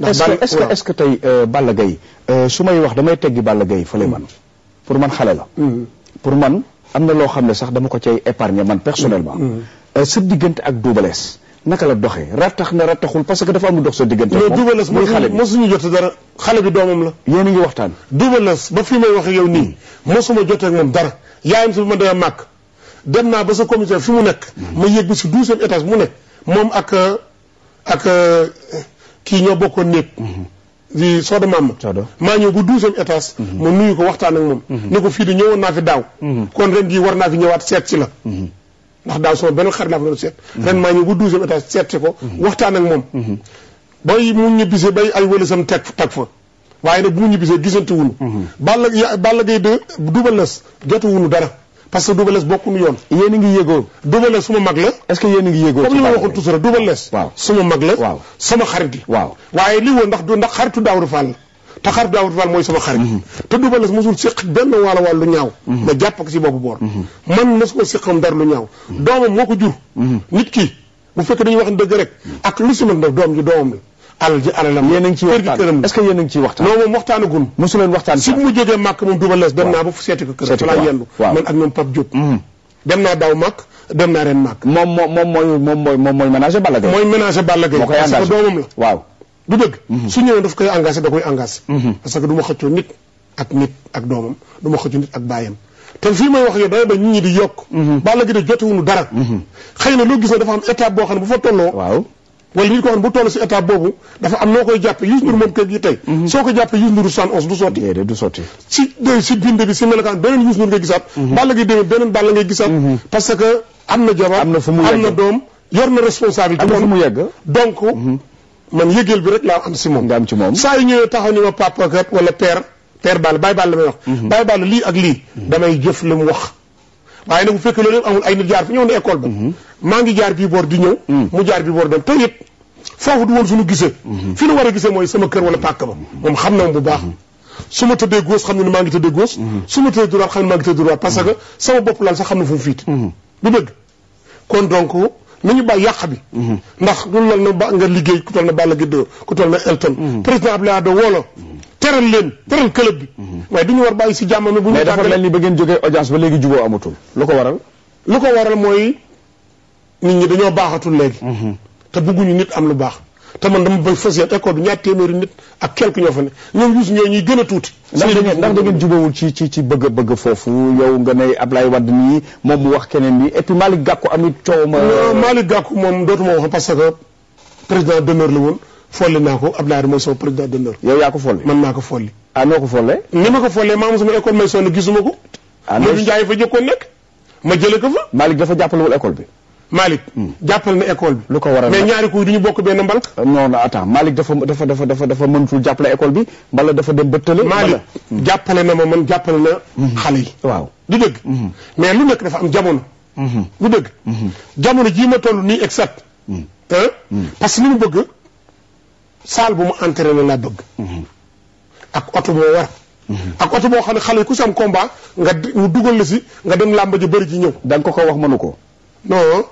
S5: ndax est ce que
S3: ce que tey euh, Balla Gaye euh, su may wax damay teggi Balla Gaye fële man mm. pour man xale la. Mm. pour man. am na loo xam ne sax dama ko cay épargner man personnellement. Mm-hmm. Euh, sa diggante ak duubalees naka la doxee rattax na rattaxul parce que dafa am lu dox sa diggante. moom muy xale bi mosuñu jot dara xale bi doomam la. yéen a ngi waxtaan. duubalees ba fii may wax yow nii mm. mosuma jotee ak moom dara yaayam si bi ma demee màkk dem naa ba sa commissaire fi mu nekk. Mm. ma yëg bi si douzième étage mu nekk moom ak euh, ak euh, kii ñoo bokkoon néeg. Mm-hmm. di sooda maam maa ñëw bu douzième étage ma mhm. nuyu ko waxtaan ak moom mhm. ne ko fii di ñëwoon naa fi daaw mhm. kon ren jii war naa fi ñëwaat seet si la ndax daaw sama benn xarit laa fa doon seet ren maa ñëw bu douzième étage seet si ko waxtaan ak moom bay mu ñibbisee bay ay wëlisam teg teg fa waaye nag bu mu ñibbisee gisante wunu bàll bàll gay de dubal na jotu wunu dara parce que Double Less bokkuñu yoon. yéen a ngi yëgoon. Double Less suma mag la. est que yéen a ngi yëgoon ci comme li ma mag la. waaw sama xarit la. waaw waaye li woon ndax du ndax xaritu Daawuda Fall te xarit Daawuda Fall mooy sama xarit. Mhm. te Double Less mosul séq benn waala waal lu ñaaw. ma mhm. jàpp ko si boobu boor. Mhm. man mosuma séqam dara lu ñaaw. doomam moo ko jur. nit ki bu fekkee dañuy wax dëgg rek. ak lu si mën doom ji doomam la. alal ji alalam yéen a ngi ciy waxtaan est-ce que yéen a ngi ciy waxtaan non moom waxtaanagun mosu leen waxtaan si mu jógee màkk moom duba lees dem naa ba fu seeti ko kër fa laa yellu man ak ñoom Pape Diop mm-hmm. dem naa daaw màkk dem naa ren màkk moom moo moom mooy moom mooy moom mooy ménager Balla Gaye mooy ménager Balla Gaye parce que doomam la waaw du dëgg mm-hmm. su ñëwee daf koy engagé da koy engagé mm-hmm. parce que du ma xëccoo nit ak nit ak doomam du ma xëccoo nit ak baayam te fii may wax yow damay ba nit ñi di yokk Balla Gaye de jotewuñu dara xëy na loo gis ne dafa am étape boo xam ne bu fa tolloo wala nit ko xam bu toll si état boobu dafa am noo koy jàppe Youssou Ndour moom kër gi tey mhm. soo ko jàppe Youssou Ndour 71 du sotti du sotti si si bind bi si melokaan beneen Youssou Ndour mhm. ngay gisaat Balla Gaye demee beneen Balla parce que am na jabar am na fu mu yegg am na doom yor na responsabilité mhm. man yëgeel bi rek laa am si moom nga am ci moom saa yu ñëwee taxaw ni ma papa kat wala père père Balla Baye Balla may wax Baye Balla lii ak lii damay jëf la mu wax waaye nag bu fekkee loolu amul ay nit jaar fi ñëw na école ba mhm. maa ngi jaar bii boor di ñëw mhm. mu jaar bii boor dem te foofu du woon suñu gisee mhm. fi nu war a gisee mooy sama kër wala pàkk ba moom xam na bu baax su ma tëddee gauche xam ne ne maa ngi tëddee gauche su ma tëddee droite xam ne maa ngi tëddee droite parce que sama bopp laal sax xam na fu mu fiit du dëgg kon donc nañu bàyyi yàq bi ndax lu lal na ba nga liggéey ku toll na Balla Gaye ku toll na Elton président teral leen teral club bi. Mhm. waaye du ñu war bàyyi si jàmm bu ñu. mais dafa mel ni ba ngeen jógee audience ba léegi juboo amatul. lu ko waral lu ko waral mooy nit ñi dañoo baaxatul léegi. Mhm. te bëgguñu nit am lu baax. te man dama bay fas yéene école bi ñaar téeméeri ak quelque ñoo fa ne ñoom yuus ñoo gën a tuuti. ndax ndax da ngeen jubawul ci ci ci bëgg bëgg foofu yow nga ne Ablaye Wade nii moom mu wax keneen bi et puis gàkku Gakou amit coow ma. Euh, Malick Gakou moom dootuma wax parce que président demeure la woon folli naa ko Abdoulaye mooy sama président d'honneur. yow yaa ko folli man maa ko folli. ah noo ko follee. ma ko follee maa ma sama école may gisuma ko. ah loolu Ndiaye fa jëkkoon nekk ma jëlee ko fa. Malick dafa hmm. na école bi. lu ko waral mais ñaari kuy du ñu bokk benn mbal. Euh, non non attends Malick dafa dafa dafa dafa dafa mënatul jàppale école bi mbala dafa dem ba tële. Hmm. na ma man jàppale na. Hmm. xale yi waaw. du dëgg. mais lu nekk dafa am jamono. du dëgg. jamono jii ma toll nii exact. parce que ni mu bëgg saal bu mu entraîné laa bëgg. Mhm. ak oto boo war. Mhm. ak oto boo xam ne xale ku sam combat nga mu dugal la si nga dem làmba ji bëri ji ñëw. da ko ko wax mënu ko. non.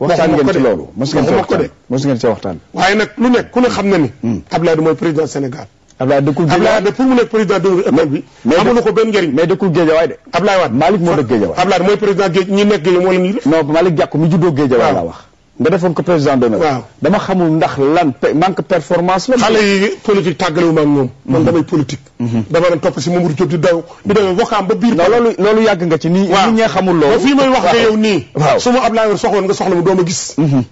S5: waxtaan ngeen ci loolu mos ngeen ci waxtaan
S3: mos ngeen ci waxtaan. waaye nag nekk ku ne xam na ni. Mhm. Abdoulaye mooy président Sénégal. Abdoulaye dëkkul Géejawaay Abdoulaye de pour mu nekk président de école bi. amul ko benn njëriñ. mais dëkkul Géejawaay de. Abdoulaye Wade Malick moo dëkk Géejawaay. Abdoulaye mooy président Géej ñi nekk Géejawaay moo wax. nga defoon ko président d'honneur. waaw dama xamul ndax lan manque performance la. ma ak ñoom. Mm-hmm. man damay mm-hmm. dama doon ma Abdoulaye soxla nga soxla ma doo ma gis. Mm-hmm.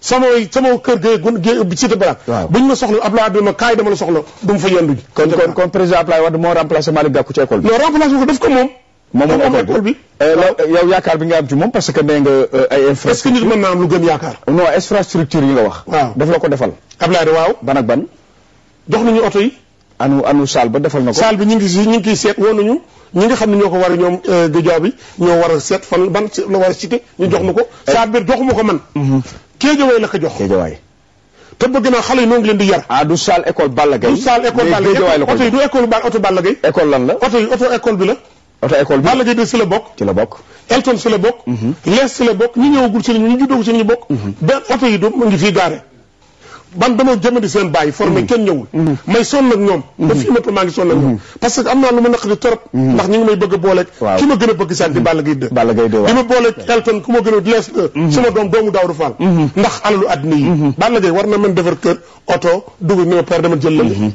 S3: sama sama kër gée gun gée bi cité balaa. waaw bu ñu ma soxla Abdoulaye Wade ma kaay dama la soxla du ma fa yendu ji. kon kon kon président Abdoulaye Wade moo remplacé Malick Gakou ci école bi. non remplacé ko def ko moom. moom moom école eh, eh, bi yow yaakaar bi nga am ci moom parce que nee nga eh, ay infrastructure est-ce que nit mën naa am yi nga wax waaw daf la ko defal Abdoulaye waaw ban ak ban jox nañu oto yi anu saal ba defal na ko bi seet woo nañu ñi nga xam ne ñoo ko war a ñoom war a seet fan ban la jox ma ko saal bi joxuma man Kéejawaay mm-hmm. la jox Kéejawaay te bëgg naa xale yi ah, école Balla Gaye du saal école Balla Gaye école ba oto Balla Gaye école lan la oto yi oto école bi la auto école bi Balla Gaye de si la bokk. ci Elton si la bokk. Mhm. Lees si la bokk ñu ñëwagul si la ñu juddoo si la ñu bokk. Mhm. benn oto yi du mu ngi fii gaare. ban dama jëme seen bàyyi formé mhm. kenn ñëwul may sonn ak ñoom ba fii ma toll maa ngi sonn ak ñoom parce que am naa lu ma naqari torop ndax ñu may bëgg a booleeg ki ma gën a bëgg sànni Balla Gaye 2 Balla Gaye 2 di ma booleeg Elton ku ma gën a lees la sama doom doomu Daawru Fall ndax alalu àddina yi Balla Gaye war na mën defar kër oto dugg ni ma père dama jël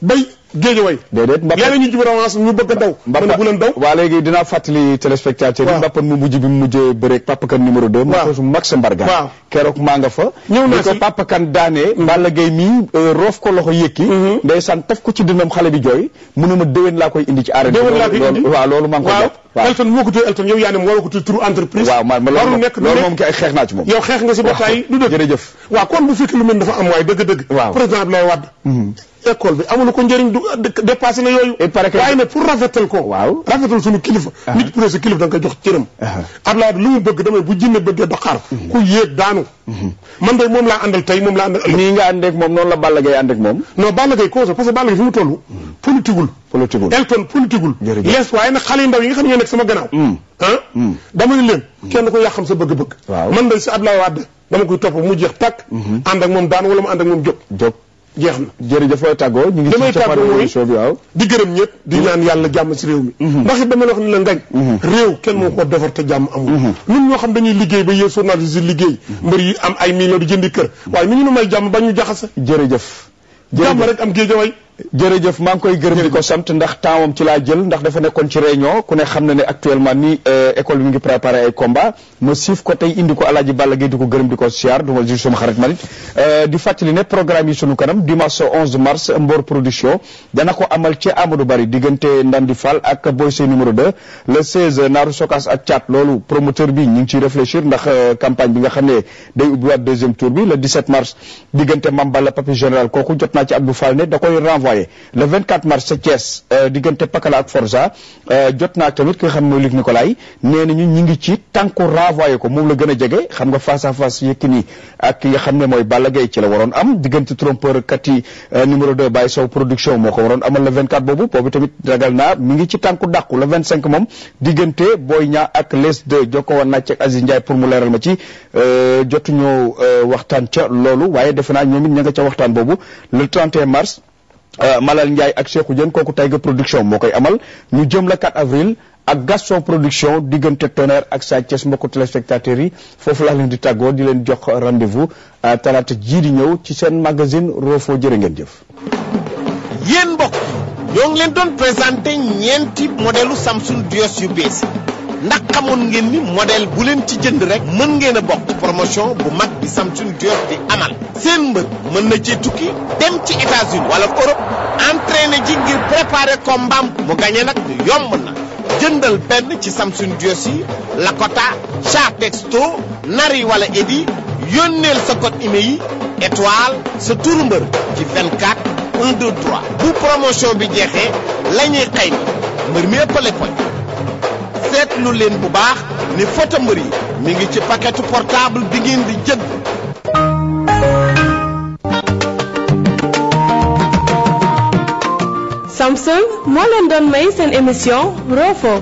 S3: la géejewaay. déedéet Mbappé léegi ñu jub revanche ñu bëgg a daw. Mbappé leen daw. waa léegi dinaa fàttali téléspectateurs mu mujj bi mu mujjee bëreeg Papa Kane numéro 2. waaw mu ko Papa Kane daanee. Mm-hmm. Balla Gaye mii euh, mm-hmm. ci dënnam xale bi jooy. munuma déwén laa koy indi ci arène. déwén laa koy indi waaw ko tudd xeex naa ci moom. yow xeex nga si ba tey du dëgg jërëjëf. waaw kon bu fekkee lu mel dafa am waaye dëgg-dëgg. waaw président Abdoulaye mm-hmm. école bi amul ko njëriñ du dépassé na yooyu. et pare que waaye nag pour rafetal ko. waaw rafetal suñu kilifa. nit ku ne sa kilifa da nga koy jox cëram. Abdoulaye lu mu bëgg damay bu jinne bëggee doxaar. Mhm. ku yéeg daanu. Mhm. man de moom la mu mhm. nekk sama gannaaw. dama ne leen. kenn ko yaa sa bëgg-bëgg. man de si Abdoulaye Wade dama koy topp mu jeex tàkk. ànd ak moom daan wala mu ànd ak moom jóg. jeex na jërëjëf fooy tàggoo ñu ngi damay tàggoo mooy di gërëm ñëpp di mm-hmm. ñaan yàlla jàmm ci réew mi mm-hmm. ndax it dama la wax ne ngañ mm-hmm. réew kenn moo ko defar te jàmm amul ñun ñoo xam dañuy liggéey ba yéen journaliste yi liggéey mbër yi am ay millions di jëndi kër waaye ni ñu nu may jàmm ba ñu jaxase jërëjëf jàmm rek am géejaway jërëjëf maa ngi koy gërëm di ko sant ndax temps ci laa jël ndax dafa nekkoon ci réunion ku ne xam na ne actuellement ni euh, école bi ngi préparé ay combat ma siif ko tey indi ko alaaji Balla Gaye di ko gërëm di ko siyaar du ma ji sama xarit marit euh, di fàttali ne programme yi sunu kanam dimanche 11 mars Mbor production dana ko amal ci Amadou Bari diggante Ndandi Fall ak Boy Sey numéro 2 le 16 Naaru Sokas ak Thiat loolu promoteur bi ñu ngi ciy réfléchir ndax euh, campagne bi nga xam ne day ubbiwaat deuxième tour bi le 17 mars diggante Mamballa Papi envoyé le 24 mars sa Thiès euh, diggante Pakala ak Forza euh, jot naa tamit ki nga xam ne mooy Luc Nicolaï nee nañu ñu ngi ci tànku renvoyé ko moom la a jege xam nga face à face Yékini ak ki nga xam ne mooy Balla Gaye waroon am diggante trompeur kat euh, numéro 2 Baye Sow production moo ko waroon amal le 24 boobu boobu tamit ragal naa mi ngi ci tànku dàqu le 25 moom diggante Boy Niang ak les deux jokkoo woon ci ak Aziz pour mu leeral ma ci jotuñu waxtaan ca loolu waaye defe naa ñoom it ca waxtaan boobu le 31 mars Euh, Malal Ndiaye ak Cheikhou Diène kooku Tayga production moo koy amal ñu jëm la 4 avril ak Gaston production diggante Tonnerre ak Sa Thiès mbokku téléspectateurs yi foofu laa leen di tàggoo di leen jox rendez-vous euh, talaata jii di ñëw ci seen magazine foo jëre ngeen
S2: jëf. yéen mbokk ñoo ngi leen doon présenté ñeenti modèlu Samsung Duos yu bees ndax xamoon ngeen ni model bu ci jënd rek mën ngeen a bokk promotion bu mag bi Samsung Dior di amal seen mbër mën na cee tukki dem ci États-Unis wala Europe na ji ngir préparer combat mu gagné nag yomb na jëndal benn ci Samsung Dior si Lakota Cha Texto Nari wala Edi yónneel sa code email étoile sa turu mbër ci 24 1 2 3 bu promotion bi jeexee la ñuy xayma mbër mi ëppale koy seetlu leen bu baax ni photo mbër yi mi ngi ci paquetu portable bi ngeen di jënd. Samsung moo leen doon may seen émission
S5: Roofo.